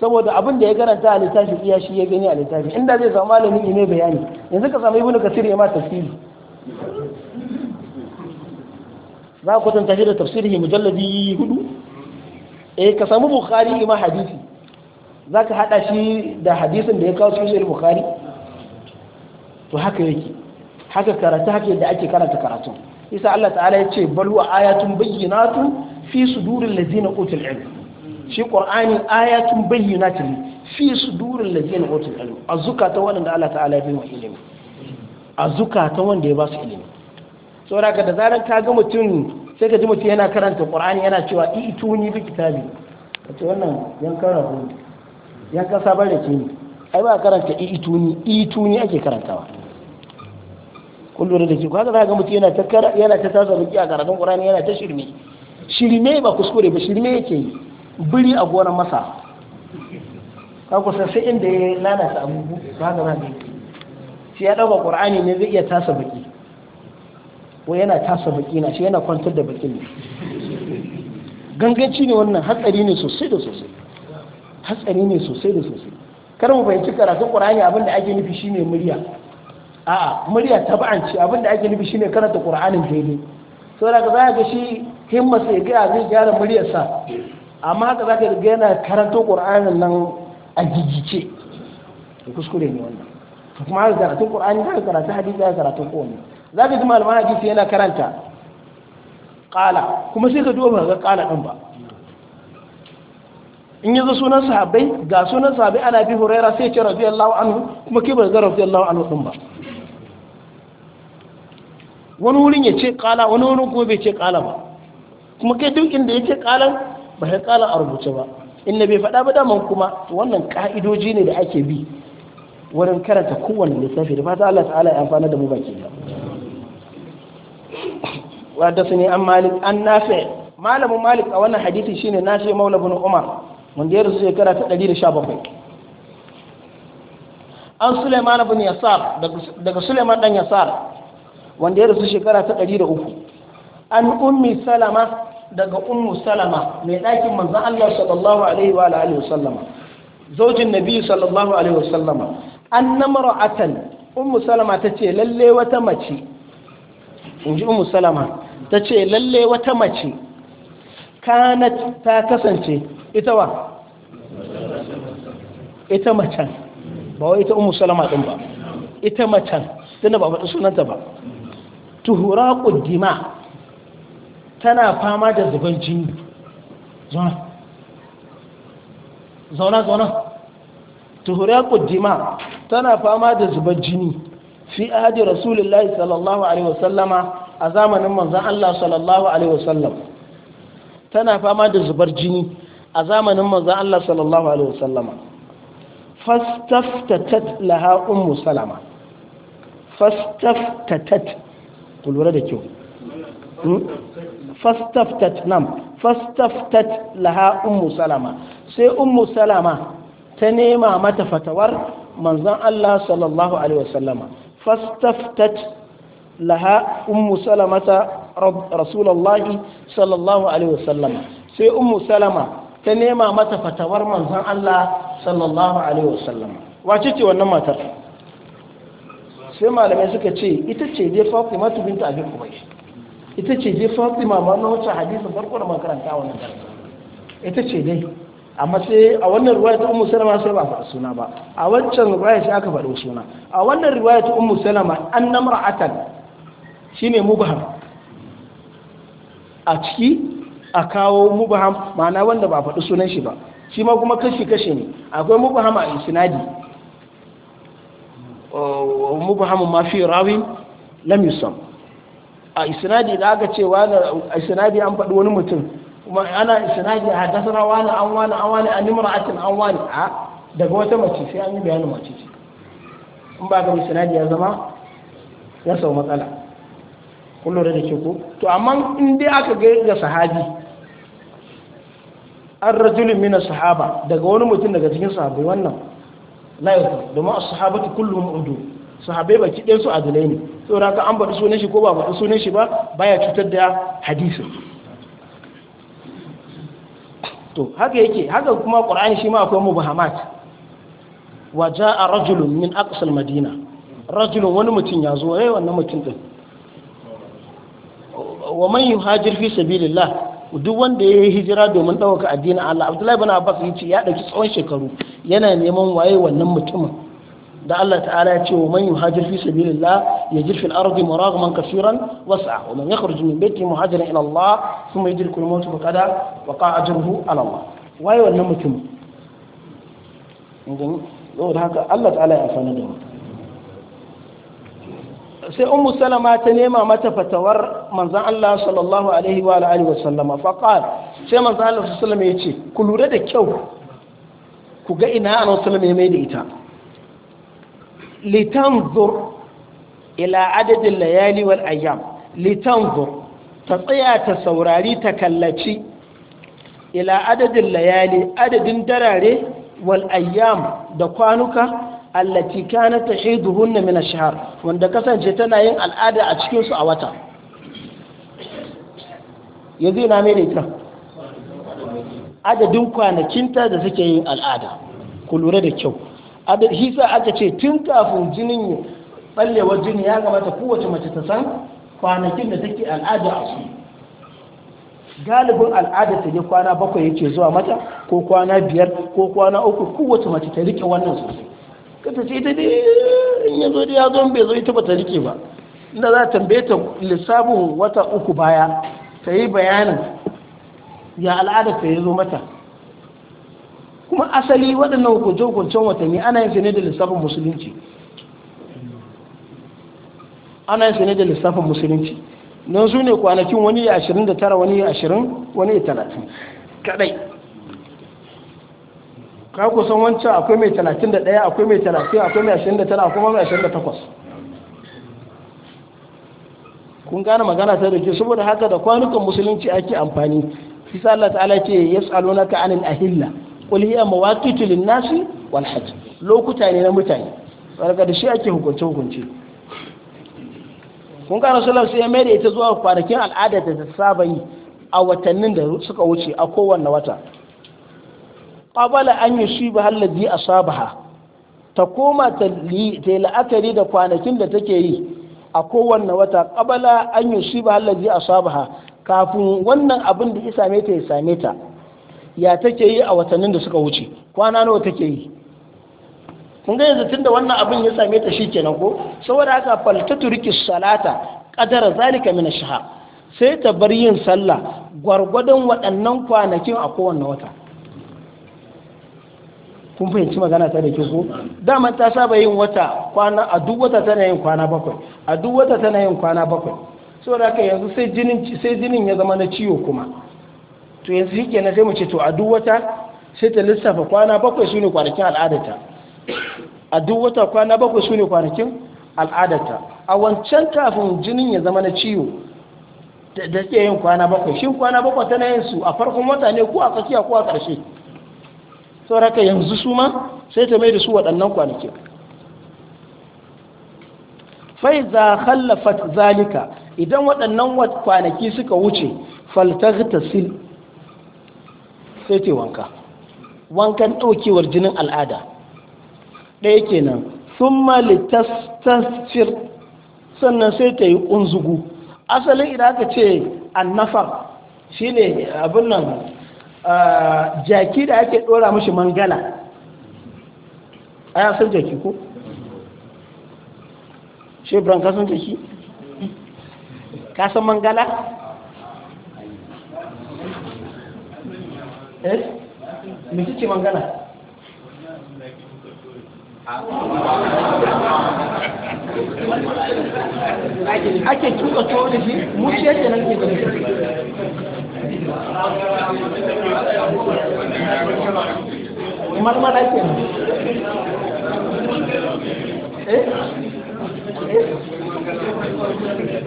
saboda abin da ya garanta a littafi iya shi ya gani a littafi inda zai zama malami ne bayani yanzu ka samu ibnu kasir ya ma tafsiri za ku kwatanta shi da tafsirihi mujalladi hudu eh ka samu bukhari ima hadisi za ka haɗa shi da hadisin da ya kawo cikin shirin bukhari to haka yake haka karatu haka yadda ake karanta karatu isa Allah ta'ala ya ce bal wa ayatun bayyinatun fi suduril ladina utul ilm shi qur'ani ayatun bayyinatun fi suduril ladina utul ilm azuka ta wanda Allah ta'ala ya bi mu ilimi azuka ta wanda ya ba su ilimi ka da zarar ka ga mutum sai ka ji mutum yana karanta ƙur'ani yana cewa ituni bi kitabi a ce wannan ne? yan kasa sabar da ne. ai ba karanta i'i tuni ake karantawa kun lura da ke ku haka za ga mutum yana ta yana ta tasa biki a karatun ƙur'ani yana ta shirme shirme ba kuskure ba shirme yake yi biri a gonar masa ka kusa sai inda ya lalata abubu ba haka za ka yi shi ya ɗauka ƙur'ani ne zai iya tasa baki wai yana tasa baki na shi yana kwantar da bakin ne ganganci ne wannan hatsari ne sosai da sosai hatsari ne sosai da sosai kar mu fahimci karatun qur'ani abinda ake nufi shine murya a'a murya tab'anci abin da ake nufi shine karanta qur'anin daidai saboda ka za ga shi himma sai ga zai gyara sa amma haka za ka ga yana karanto qur'anin nan a jijice kuskure ne wannan kuma haka karatun qur'ani haka karatun hadisi haka karatun kowane za ka ji malaman hadisi yana karanta ƙala kuma sai ka duba ga ƙala ɗin ba in yi zo sunan sahabbai ga sunan sahabbai ana bi huraira sai ce radiyallahu anhu kuma ke ba ga radiyallahu anhu din ba wani wurin ya ce ƙala, wani wurin kuma bai ce ƙala ba kuma kai duk inda ya ce kalan ba sai ƙala a rubuce ba na bai faɗa ba daman kuma wannan ka'idoji ne da ake bi wurin karanta kowane lissafi da fata Allah ta'ala ya amfana da mu baki da wa dasani an malik an nafi malamin malik a wannan hadisi shine nafi maula bin umar wanda ya rasu shekara ta 117 an suleiman bin yasar daga suleiman dan yasar wanda ya rasu shekara ta 103 an ummi salama daga ummu mai ɗakin manzon Allah sallallahu alaihi wa alihi wasallama zaujin nabi sallallahu alaihi wasallama an namra'atan ummu salama tace lalle wata mace inji ji ta ce lalle wata mace kanat ta kasance ita wa ita macen ba wa ita umu salama ɗin ba ita macen tana ba faɗi sunanta ba tuhura ƙuddima tana fama da zuban jini zauna zauna zauna tuhura ƙuddima tana fama da zuban jini fi adi rasulullahi sallallahu alaihi wasallama a zamanin manzan Allah sallallahu alaihi wasallam tana fama da zubar jini a zamanin manzan Allah sallallahu alaihi wasallam fastaftatat laha ummu salama fastaftatat ku lura da kyau hmm? fastaftat nam fastaftat laha ummu salama sai ummu salama ta nema mata fatawar manzan Allah sallallahu alaihi wasallama fastaftat laha ummu salamata rasulullahi sallallahu alaihi wasallam sai ummu salama ta nema mata fatawar manzon Allah sallallahu alaihi wasallam wace ce wannan matar sai malamai suka ce ita ce dai Fatima binta Abi Kubaysh ita ce dai Fatima ma na wacce hadisin farko da makaranta wannan darasa ita ce dai amma sai a wannan riwaya ta ummu salama sai ba faɗa suna ba a wancan riwaya sai aka faɗo suna a wannan riwaya ta ummu salama annamra'atan shine mubham a ciki a kawo mubham ma'ana wanda ba faɗi sunan shi ba shi ma kuma kashi kashi ne akwai mubham a isnadi mubham ma fi rawi lam a isnadi da aka ce wani a isnadi an faɗi wani mutum kuma ana isnadi a haddasa wani an wani an wani an imra'atin an wani a daga wata mace sai an yi bayanin mace ce in ba ga isnadi ya zama ya sau matsala kullum da ke ko to amma in dai aka ga sahabi an rajulun min sahaba daga wani mutum daga cikin sahabbai wannan layuka ma sahabatu kulluhum udu sahabai baki ɗaya su adalai ne da ka an baɗi sunan shi ko ba baɗi sunan shi ba baya cutar da hadisi to haka yake haka kuma qur'ani shi ma akwai mubahamat wa ja'a rajulun min aqsal madina rajulun wani mutum ya zo eh wannan mutum din wa man yuhajir fi sabilillah duk wanda ya yi hijira domin ɗaukaka addinin Allah Abdullahi bin Abbas ya ce ya ɗauki tsawon shekaru yana neman waye wannan mutumin da Allah ta'ala ya ce wa man yuhajir fi sabilillah yajid fil ardi muraghaman kaseeran was'a wa man yakhruj min baiti muhajiran ila Allah thumma yudriku al-maut fa qad waqa ajruhu ala Allah waye wannan mutumin idan saboda haka Allah ta'ala ya amfana da mu sai ummu salama ta nema mata fatawar manzan Allah sallallahu alaihi wa alihi wa sallama faqal sai manzan Allah sallallahu alaihi wa ku lura da kyau ku ga ina annabi sallallahu alaihi mai da ita litanzur ila adadin layali wal ayyam litanzur ta tsaya ta saurari ta kallaci ila adadin layali adadin darare wal ayyam da kwanuka allati kanat tahiduhunna min ash-shahr wanda kasance tana yin al'ada a cikinsu a wata yanzu ina mai da ita adadin kwanakinta da suke yin al'ada ku lura da kyau shi sa aka ce tun kafin jinin ɓallewar jini ya gabata kowace mace ta san kwanakin da take al'ada a su galibin al'ada ta ne kwana bakwai yake zuwa mata ko kwana biyar ko kwana uku kowace mace ta rike wannan sosai ta ce ta in yanzu da ya zon bai zo ita ba ta rike ba inda za ta tambaye ta lissafin wata uku baya ta yi bayanin ya al'adar ta ya zo mata kuma asali waɗannan hukuncin-hukuncin watanni ana yin sane da lissafin musulunci ana yin sane da lissafin musulunci don su ne kwanakin wani ya ashirin da tara wani ya ashirin wani ya talatin kadai ka kusan wancan akwai mai 31 akwai mai 30 akwai mai 29 akwai mai 28 kun gane magana ta dake saboda haka da kwanukan musulunci ake amfani sa Allah ta'ala ce yas'alunaka anil ahilla qul hiya mawaqitu lin-nasi wal hajj lokuta ne na mutane daga da shi ake hukunce hukunce kun gane sallar sai mai da ita zuwa kwanakin al'ada da ta saba yi a watannin da suka wuce a kowanne wata qabala an yushiba alladhi asabaha ta koma ta la'akari da kwanakin da take yi a kowanne wata qabala an yushiba alladhi asabaha kafin wannan abin da ya same ta ya same ta ya take yi a watannin da suka wuce kwana nawa take yi kun ga yanzu tunda wannan abin ya same ta shikenan ko saboda haka Faltatu, Rikis, salata qadara zalika min ash sai ta bar yin sallah gwargwadon waɗannan kwanakin a kowanne wata kun fahimci magana ta da ke ko dama ta saba yin wata kwana a duk wata tana yin kwana bakwai a duk wata tana yin kwana bakwai da haka yanzu sai jinin sai jinin ya zama na ciwo kuma to yanzu shi kenan sai mu ce to a duk wata sai ta lissafa kwana bakwai sune kwanakin al'adarta a duk wata kwana bakwai sune kwanakin al'adarta a wancan kafin jinin ya zama na ciwo da take yin kwana bakwai shin kwana bakwai tana yin su a farkon wata ne ko a tsakiya ko a ƙarshe sauraka yanzu su ma sai ta mai da su waɗannan kwanaki fai za khallafat zalika idan waɗannan kwanaki suka wuce sil sai ta wanka wankan ɗaukewar jinin al'ada ɗaya kenan thumma litastasfir sannan sai ta yi ƙunzugu asalin idan aka ce annafar ne abin nan jaki da ake dora mashi mangala a san jaki ko? shebran kasan jaki? kasan mangala? eh? mutu ce mangala? ake tuka tuwo da shi mushe yake nan ke da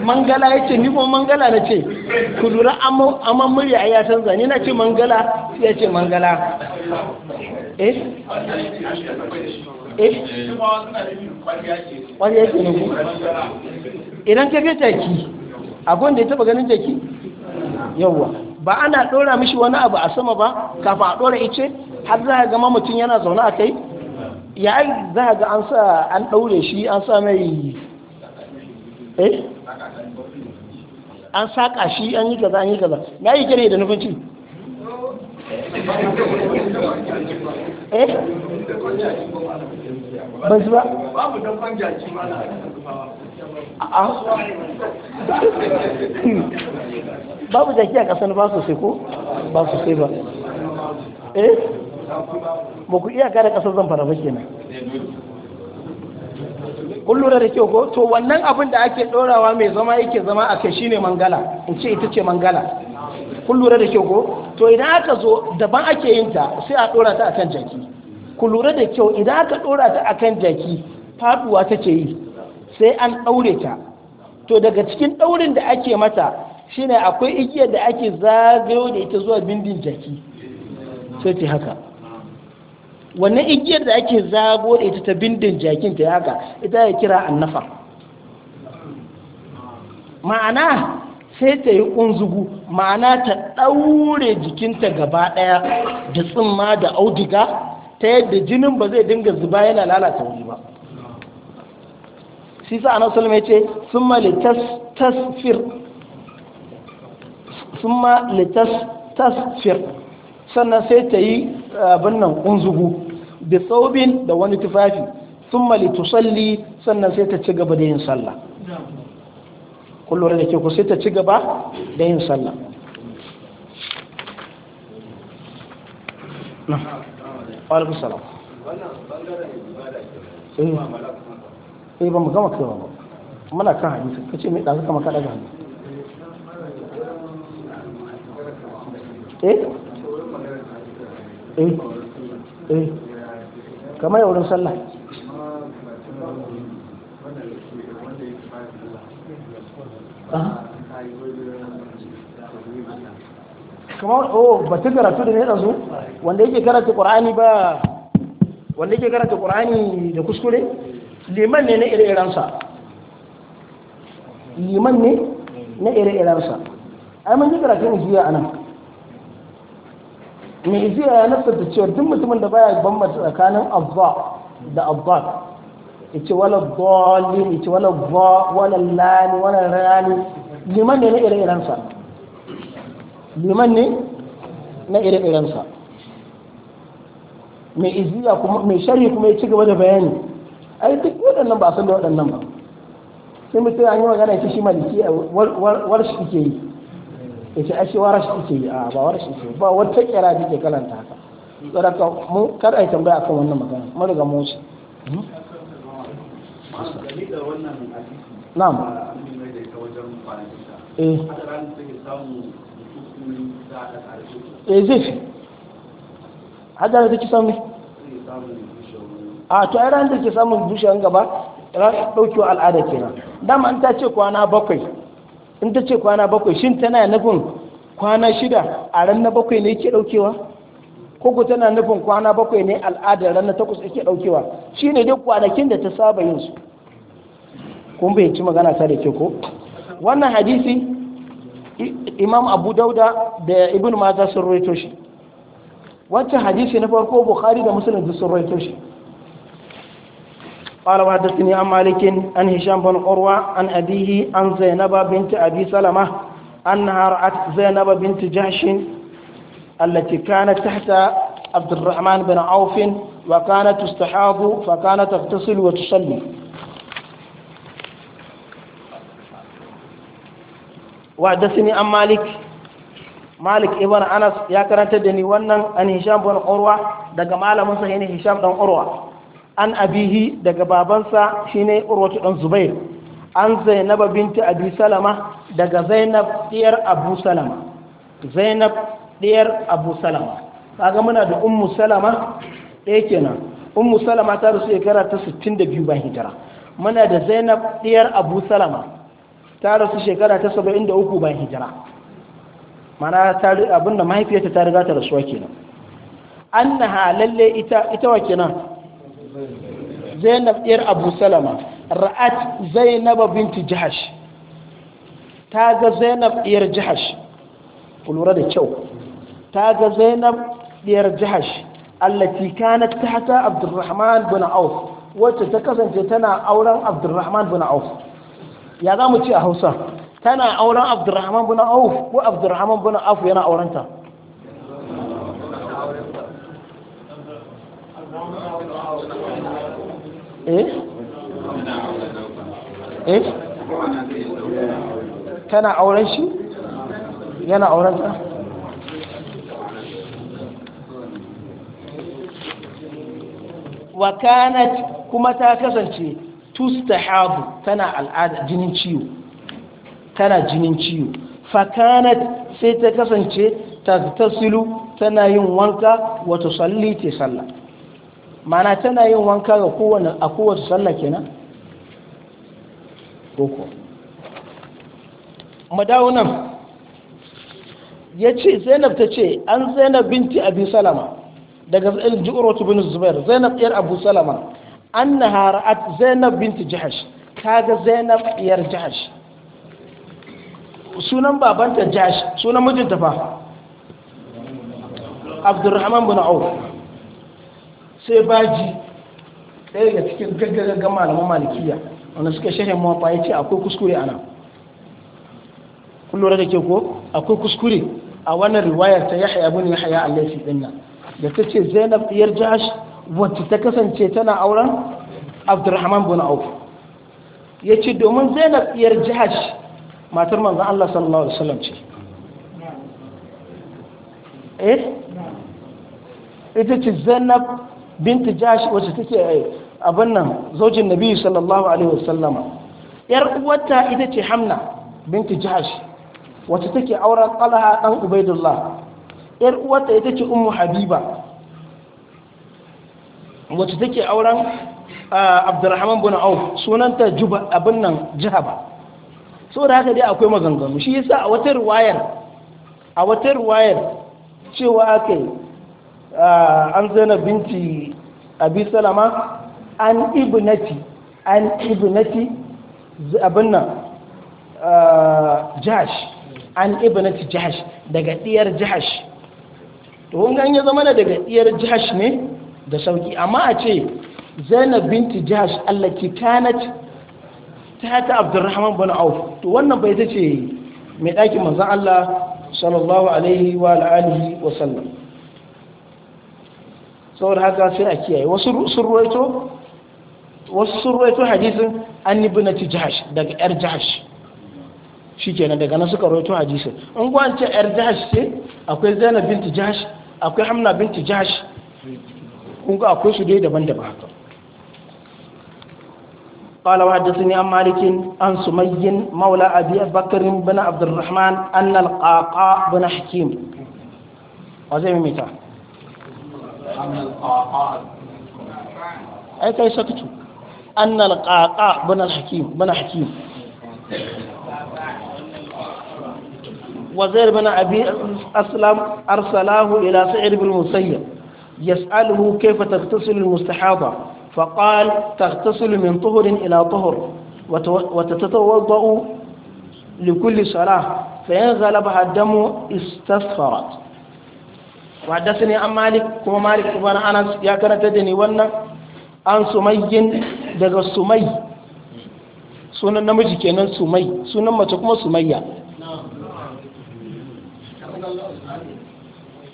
mangala ya ce nifon mangala na ce ku lura amma murya ya canza ni na ce mangala ya ce mangala eh eh ne ku idan ka jaki abin da ya taba ganin jaki yawwa ba ana dora mishi wani abu a sama ba kafin a dora ice har za a gama mutum yana zaune a kai ya yi za a ga an sa an ɗaure shi an sa mai eh an saƙa shi an yi kaza an yi kaza na yi kere da nufin ci eh ba ba mu dan fanjaci ma na babu jaki a kasar ba sosai ko ba sosai ba eh ba ku iya da kasar zan fara ba kenan kun lura da kyau ko to wannan abin da ake ɗorawa mai zama yake zama a kai shine mangala in ce ita ce mangala kun lura da kyau ko to idan aka zo daban ake yin ta sai a ɗora ta akan jaki ku lura da kyau idan aka ɗora ta akan jaki faduwa take yi sai an ɗaure ta to daga cikin ɗaurin da ake mata shine akwai igiyar da ake zagayo da ita zuwa bindin jaki sai ta haka wannan igiyar da ake zago da ita ta bindin jakin ta haka ita ya kira annafa ma'ana sai ta yi ƙunzugu ma'ana ta ɗaure jikinta gaba ɗaya da tsimma da audiga ta yadda jinin ba zai dinga zuba yana lalata wuri ba shi sa annabi sallallahu ce sun ma litas litastasfir sannan sai ta yi eh, abin nan kunzugu da tsobin da wani tufafi sun ma litusalli sannan sai ta ci gaba da yin salla, kullum da ke ku sai ta ci gaba da yin salla. na salam wannan bangaren ibada ke eh ba mu gama kaiwa ba muna kan hadisi ka ce mai ɗazu kama ka ɗaga hannu eh eh eh kamar ya wurin sallah kamar oh batun karatu da ne ɗansu wanda yake karanta ƙorani ba wanda yake karanta ƙorani da kuskure liman ne na ire-irensa liman ne na ire-irensa ai mun ji karatun izuya a nan mai jiya ya nafsar da cewa duk mutumin da baya bambanta tsakanin abba da abba ya ce wala bolin ya ce wala ba wala lani wala rani liman ne na ire-irensa liman ne na ire-irensa mai izuya kuma mai shari'a kuma ya ci gaba da bayani ai duk waɗannan ba san da waɗannan ba sai mutum an yi magana ce shi maliki warshi ke yi ya ce ashe warashi ke yi a ba warashi ke ba wata kira da ke kalanta haka tsoraka mu kada ai tambaya akan wannan magana mun riga mun shi hmm? na'am eh da samu ta eh zai hajjara take samu a to ai ran da ke samun bushewan gaba ran wa al'ada kenan dama in ta ce kwana bakwai in ta ce kwana bakwai shin tana nufin kwana shida a ran na bakwai ne yake daukewa ko ku tana nufin kwana bakwai ne al'adar ran na takwas yake daukewa shine duk kwanakin da ta saba yin su kun bayyanci magana ta da ke ko wannan hadisi imam abu dauda da ibn mata sun rawaito shi wancan hadisi na farko bukhari da muslim sun rawaito shi قال وحدثني عن مالك عن هشام بن عروة عن أبيه عن زينب بنت أبي سلمة أنها رأت زينب بنت جحش التي كانت تحت عبد الرحمن بن عوف وكانت تستحاض فكانت تغتسل وتصلي وحدثني عن مالك مالك ابن أنس يا كرنت دني ونن عن هشام بن عروة دقى مالا من هشام بن عروة an abihi daga babansa shine urwatu dan zubair an zainaba binti abi salama daga zainab diyar abu salama zainab diyar abu salama kaga muna da ummu salama ɗaya kenan ummu salama ta rasu shekara ta 62 bayan hijira muna da zainab diyar abu salama ta rasu shekara ta 73 bayan hijira mana abinda mahaifiyarta ta riga ta rasuwa kenan annaha lalle ita ita wa kenan zainab ɗiyar abu salama ra'at zainab binti jihash ta ga zainab ɗiyar jihash lura da kyau ta ga zainab ɗiyar jihash allati kanat tahta abdurrahman bin auf wacce ta kasance tana auren abdurrahman bin auf ya za mu ce a hausa tana auren abdurrahman bin auf ko abdurrahman bin auf yana aurenta eh eh tana auren shi yana auren ta wakanat kuma ta kasance tustahabu tana al'ada jinin ciwo tana jinin ciwo fakanat sai ta kasance ta tasilu tana yin wanka wa salli ta sallah mana tana yin wanka ga kowane a kowace sallah kenan koko madawo nan ya ce zainab ta ce an zainab binti abu salama daga ji'urwatu bin zubair zainab yar abu salama an na hara'at zainab binti jihash kaga zainab yar jihash sunan babanta jihash sunan mijinta fa abdurrahman bin auf sai baji ɗaya daga cikin ga malaman malikiya wanda suka shahin mawafa ya ce akwai kuskure ana kullum da ke ko akwai kuskure a wannan riwayar ta yahya ne yahya a din dinna da ta ce zainab ɗiyar jahash wacce ta kasance tana auren abdurrahman bin auf ya ce domin zainab ɗiyar jahash matar manzo allah sallallahu alaihi wasallam ce eh ita ce zainab bintu jashi wacce take eh, abin nan zaujin nabi sallallahu alaihi wasallama yar uwarta ita ce hamna bintu jashi wacce take auren talha dan ubaidullah yar uwarta ita ce ummu habiba wacce take auren ah, abdurrahman bin auf sunanta juba abin nan jihaba da haka dai akwai maganganu shi yasa a wata riwayar a wata riwayar cewa aka yi an zainab binti abi salama an ibnati an ibnati abin nan jahash an ibnati jahash daga diyar jahash to an ya zama daga diyar jahash ne da sauki amma a ce zainab binti jahash allaki kanat ta ta abdurrahman bani auf to wannan bai ta ce mai ɗakin manzan allah sallallahu alaihi wa al'alihi wa sallam saboda haka sai a kiyaye wasu sun ruwaito wasu an yi binaci jihash daga yar jihash shi kenan daga nan suka ruwaito hadisin in kuwa ce yar jihash ce akwai zainab binti jihash akwai hamna binti jahash kun ga akwai su dai daban-daban haka قال وحدثني عن مالك عن سمي مولى أبي بكر بن عبد الرحمن أن القعقاع بن حكيم وزي ميتا أن القعقاع أي كي سكتوا أن القعقاع بن الحكيم بن حكيم وزير بن أبي أسلم أرسله إلى سعيد بن المسيب يسأله كيف تغتسل المستحاضة فقال تغتسل من طهر إلى طهر وتتوضأ لكل صلاة فإن غلبها الدم استصفرت Wa وحدثني عن مالك كما مالك بن انس يا كانت تدني wannan an sumayyin daga sumay sunan namiji kenan sumay sunan mace kuma sumayya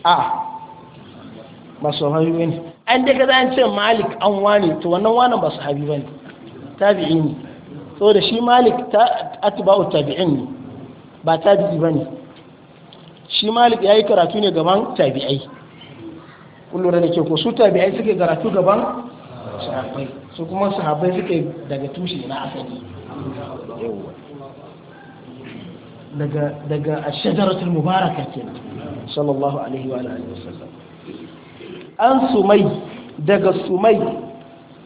a ba su habi bane an daga zan ce malik an wani to wannan wani ba su habi bane tabi'i ne da shi malik ta atba'u tabi'in ne ba tabi'i bane shi malik ya yi karatu ne gaban tabi'ai kullum da ke ko su tabi'ai suke karatu gaban sahabbai su kuma sahabbai suke daga tushe na asali daga daga ashjaratul mubaraka kenan sallallahu alaihi wa alihi wasallam an sumai daga sumai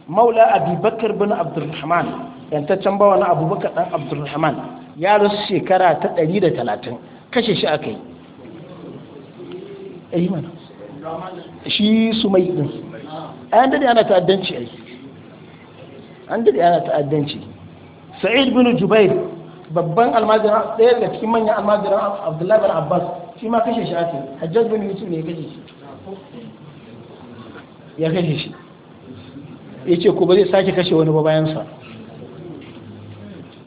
maula abubakar bin abdurrahman yantaccen bawa na abubakar dan abdurrahman ya rasu shekara ta 130 kashe shi aka yi Ayi eh, mana shi su mai din an dade ana ta'addanci ai an dade ana ta'addanci sa'id bin jubair babban almajiran ɗaya daga cikin manyan almajiran abdullahi bin abbas shi ma kashe shi ake hajjaz bin yusuf ne ya kashe shi ya kashe shi ya ce ko ba zai sake kashe wani ba bayansa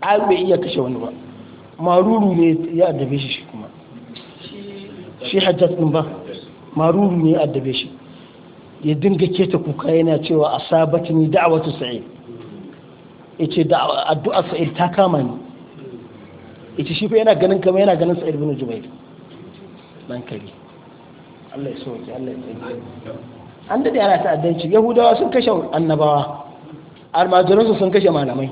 ai bai iya kashe wani ba maruru ne ya addabe shi kuma shi hajjaz bin ba maruru ne addabe shi ya dinga keta kuka yana cewa a asabatni da'watu ya yace da addu'a sa'id ta kama ne. yace shi fa yana ganin kama, yana ganin sa'id bin jubai nan kare Allah ya allai Allah ya tsaye an dade ana ta'addanci yahudawa sun kashe annabawa almajiransu sun kashe malamai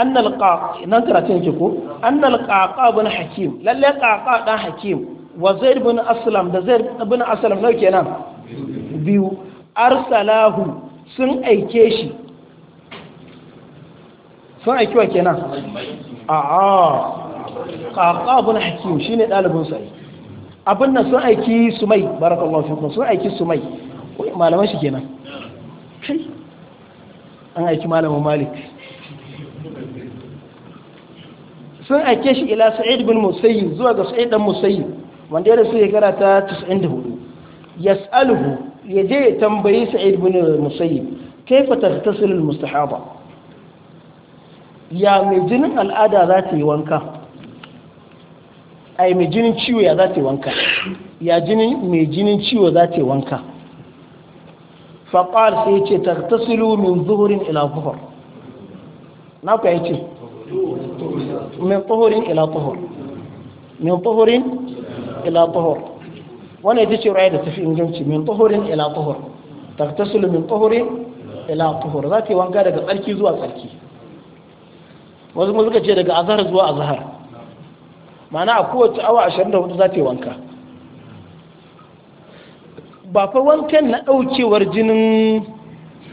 annal qaqa nan karatun yake ko annal qaqa bin hakim lalle qaqa dan hakim wa zaid bin aslam da zaid bin aslam nau kenan biyu arsalahu sun aike shi sun aike wa kenan a a qaqa bin hakim shine dalibin abin nan sun aiki su mai barakallahu sun aiki su mai malaman shi kenan an aiki malamin malik sun aike shi ila sa'id bin musayyib zuwa ga sa'id dan musayyib wanda ya rasu shekara ta 94 yas'aluhu ya je ya tambayi sa'id bin musayyib kaifa taghtasil al-mustahaba ya mai jinin al'ada za ta yi wanka ai mai jinin ciwo ya za ta yi wanka ya jinin mai jinin ciwo za ta yi wanka faƙar sai ce taghtasil min zuhurin ila zuhur na ku ya ce min ila tuhur min ila tuhur wannan ita ce ra'ayi da tafi inganci min tuhurin ila tuhur taktasilu min tuhurin ila tuhur za yi wanka daga tsarki zuwa tsarki wasu kuma suka ce daga azhar zuwa azhar ma'ana a kowace awa 24 za zata yi wanka ba fa wankan na daukewar jinin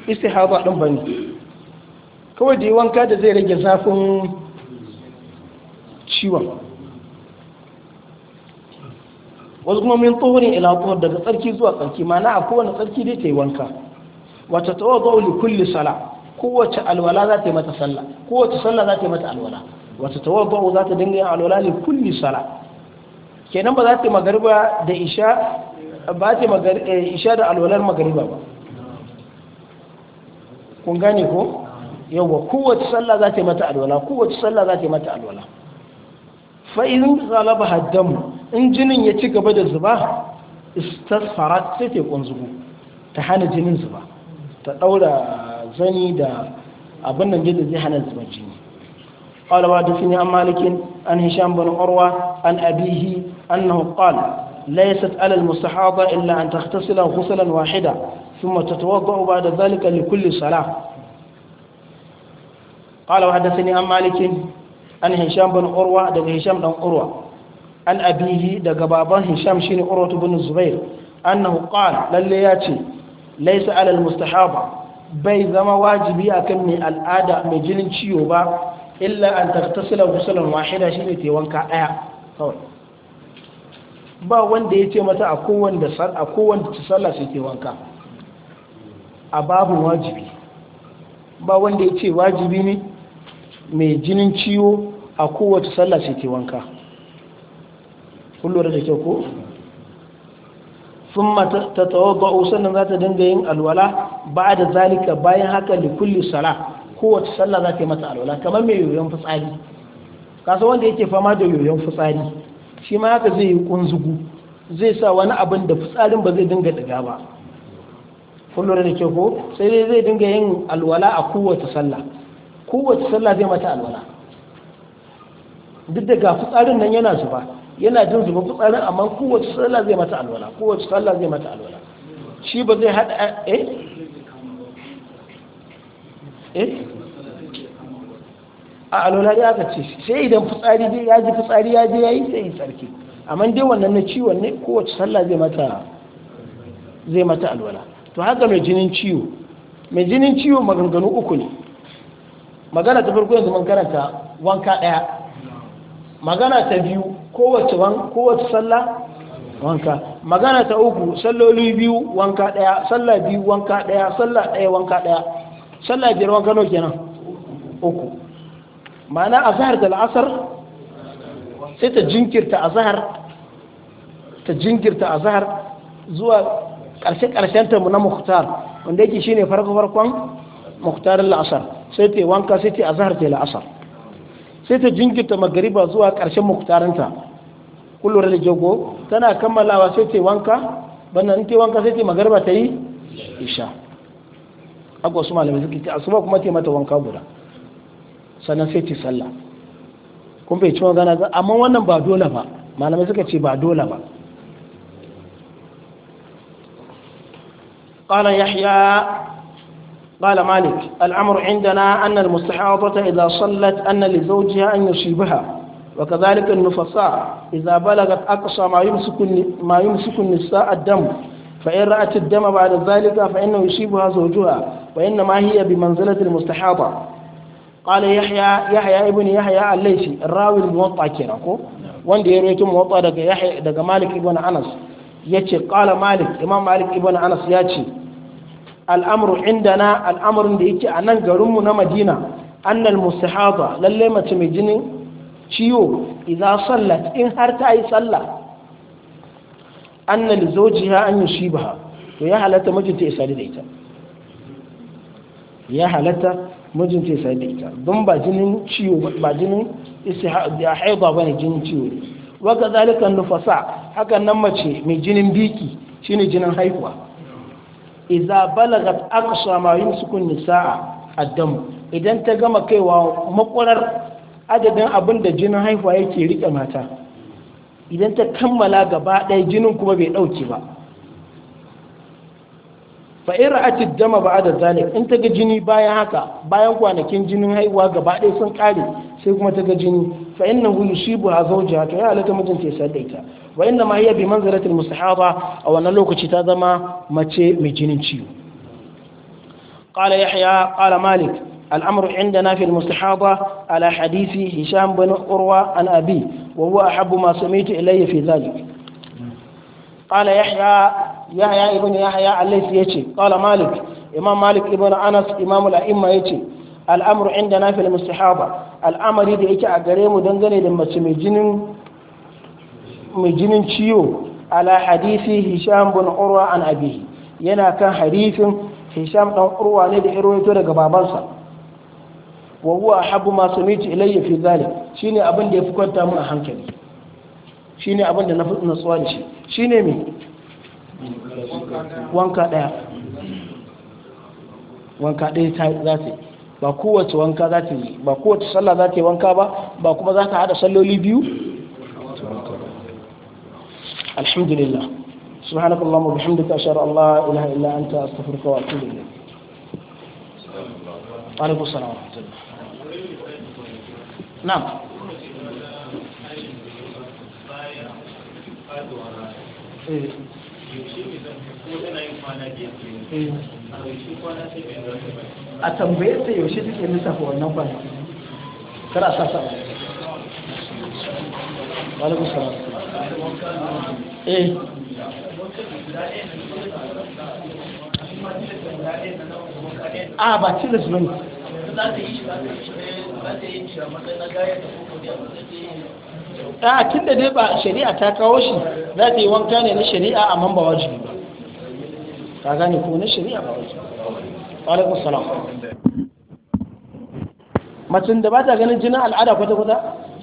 istihaba din bane kawai da yi wanka da zai rage zafin ciwon wasu kuma min tsohonin ilatuwar daga tsarki zuwa tsarki na a kowane tsarki dai ta yi wanka wata tawa zauli kulle sala kowace alwala za ta yi mata sallah kowace sallah za ta yi mata alwala wata tawa zauli za ta dinga yin alwala ne kulle sala kenan ba za ta yi magariba da isha ba ta yi eh, isha da alwalar magariba ba kun gane ko Yau ba kowace sallah za ta yi mata alwala kowace sallah za ta yi mata alwala fa'izin zalaba haddamu in jinin ya ci gaba da zuba istasfara sai ta kunzugu ta hana jinin zuba ta daura zani da abin nan zai hana zuba jini qalawa da sunni an malikin an hisham bin urwa an abihi annahu qala laysat ala al mustahaba illa an taghtasila ghuslan wahida thumma tatawadda ba'da dhalika li kulli salah قال وحدثني عن مالك عن هشام بن عروة دغ هشام بن عروة عن أبيه دغ بابا هشام شين عروة بن الزبير أنه قال للياتي ليس على المستحاضة bai zama wajibi a kan mai al'ada mai jinin ciwo ba illa an tattasila gusulan wahida shi ne tewanka ɗaya kawai ba wanda ya ce mata a kowanne ta sallah sai a babu wajibi ba wanda ya ce wajibi ne mai jinin ciwo a kowace sallah sai ke wanka kullum da kyau ko sun ta sannan za ta dinga yin alwala ba da zalika bayan haka da kulli sala kowace sallah za ta yi mata alwala kamar mai yoyon fitsari kasa wanda yake fama da yoyon fitsari shi ma haka zai yi kunzugu zai sa wani abin da fitsarin ba zai dinga daga ba kullum da kyau ko sai dai zai dinga yin alwala a kowace sallah kowace sallah zai mata alwala duk da ga fitsarin nan yana zuba yana jin zuba fitsarin amma kowace sallah zai mata alwala kowace sallah zai mata alwala shi ba zai hada eh eh a alwala ya aka ce sai idan fitsari dai ya ji fitsari ya je ya yi sai yi sarki amma dai wannan na ciwon ne kowace sallah zai mata zai mata alwala to haka mai jinin ciwo mai jinin ciwo maganganu uku ne magana ta farko yanzu mun karanta wanka ɗaya magana ta biyu kowace kowace sallah wanka magana ta uku salloli biyu wanka ɗaya sallah biyu wanka ɗaya sallah ɗaya wanka ɗaya sallah biyar wanka nawa kenan uku ma'ana zahar da la'asar sai ta jinkirta zahar ta jinkirta zahar zuwa ƙarshe ƙarshen ta na muhtar wanda yake shine farko farkon muhtarin la'asar. sai ta wanka sai ta azhar ta la'asar sai ta jinkirta magariba zuwa ƙarshen muktarinta kullum da jago tana kammalawa sai ta wanka bannan in ta wanka sai ta magariba ta yi isha Akwai wasu malamai suke ta asuba kuma ta mata wanka guda sannan sai ta sallah kuma bai ci magana amma wannan ba dole ba malamai suka ce ba dole ba قال يحيى قال مالك الأمر عندنا أن المستحاضة إذا صلت أن لزوجها أن يصيبها وكذلك النفساء إذا بلغت أقصى ما يمسك ما يمسك النساء الدم فإن رأت الدم بعد ذلك فإنه يصيبها زوجها وإنما هي بمنزلة المستحاضة قال يحيى يحيى ابن يحيى الليثي الراوي الموطأ كيرانكو وان دي يروي موطأ دغ يحيى دغ مالك ابن أنس يتي قال مالك إمام مالك ابن أنس يتي Al'amuru inda na al'amurin da yake a nan garinmu na madina annal musahaba lalle mace mai jinin ciwo idza sallat in har ta yi sallah annal zawjiha an yushibaha to ya halatta mijinta ya sadu da ita ya halatta mijinta ya sadu da ita don ba jinin ciwo ba jinin istihaba ba ne jinin ciwo ne wa kadhalika nufasa hakan nan mace mai jinin biki shine jinin haihuwa iza balagat aqsa ma yumsikun nisaa addam idan ta gama kaiwa makwarar adadin abin da jinin haihuwa yake rike mata idan ta kammala gaba ɗaya jinin kuma bai ɗauke ba fa'ira a dama ba da zalik in ta ga jini bayan haka bayan kwanakin jinin haihuwa gaba ɗaya sun ƙare sai kuma ta ga jini fa inna hu yusibu ha zawjaha to ya alata mijinta ya sai dai ta wa inna ma hiya bi manzaratil mustahaba aw wannan lokaci ta zama mace mai jinin ciwo qala yahya qala malik al'amru indana fil mustahaba ala hadisi hisham bin urwa an abi wa huwa ahabbu ma sami'tu ilayya fi dhalik qala yahya yahya ibn yahya alaysi yace qala malik imam malik ibn anas imam al-a'imma yace al’amuru inda na fil mustahaba al'amari da yake a gare mu dangane da mace mai jinin ciwo ala hadisi hisham bin urwa an abihi yana kan hadisin hisham dan urwa ne da irwaito daga babansa wa huwa masu ma sami'tu ilayya fi zalik shine abin da yafi kwanta mun a hankali shine abin da na fi nutsuwa da shi shine me wanka daya wanka daya za ta yi ba kowace wanka za ta yi ba kowace sallah za ta yi wanka ba ba kuma za ta hada salloli biyu alhamdulillah subhanaka allahumma bihamdika ashhadu an la ilaha illa anta astaghfiruka wa atubu ilayk wa alaikum na'am eh, eh. a tambaye ta yaushe take lissafa wannan kwanaki kada a sasa walaikun salam eh a ba tilas ba ne a tun da dai ba shari'a ta kawo shi za ta yi wanka ne na shari'a a mambawa wajibi ba ta gane ko na shari'a ba wajen alaikun salam macin da ba ta ganin jinin al'ada kwata-kwata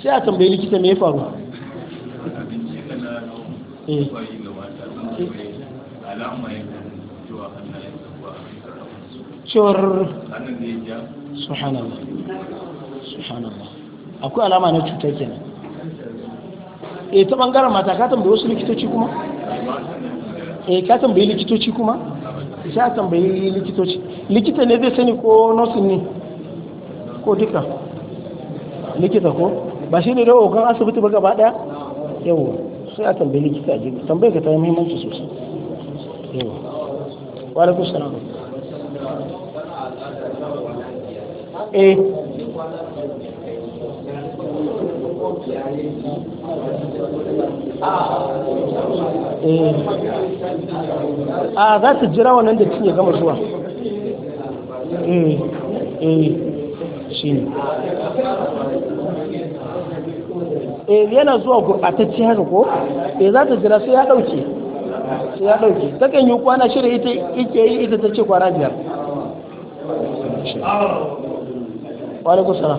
sai a tambayi likita me ya faru eh. cewar suhanallah suhanallah akwai alama na cuta kenan e ta bangaren mata ka tambayi wasu likitoci kuma e ka tambayi likitoci kuma sha tambayi likitoci likita ne zai sani ko nosin ne ko duka likita ko ba shi ne da okan asibiti ba gaba daya yawa sai a tambayi likita a jirgin tambayi ka ta yi mahimmanci sosai yawa wa kusa na eh Eh. a ah, za su jira wannan da cinye gama zuwa e yana zuwa gurɓatacce haka ko e za ta jira sai ya ɗauke sai ya ɗauke takan yi kwana shirya ita ike yi ita ta ce kwana biyar wani kusa na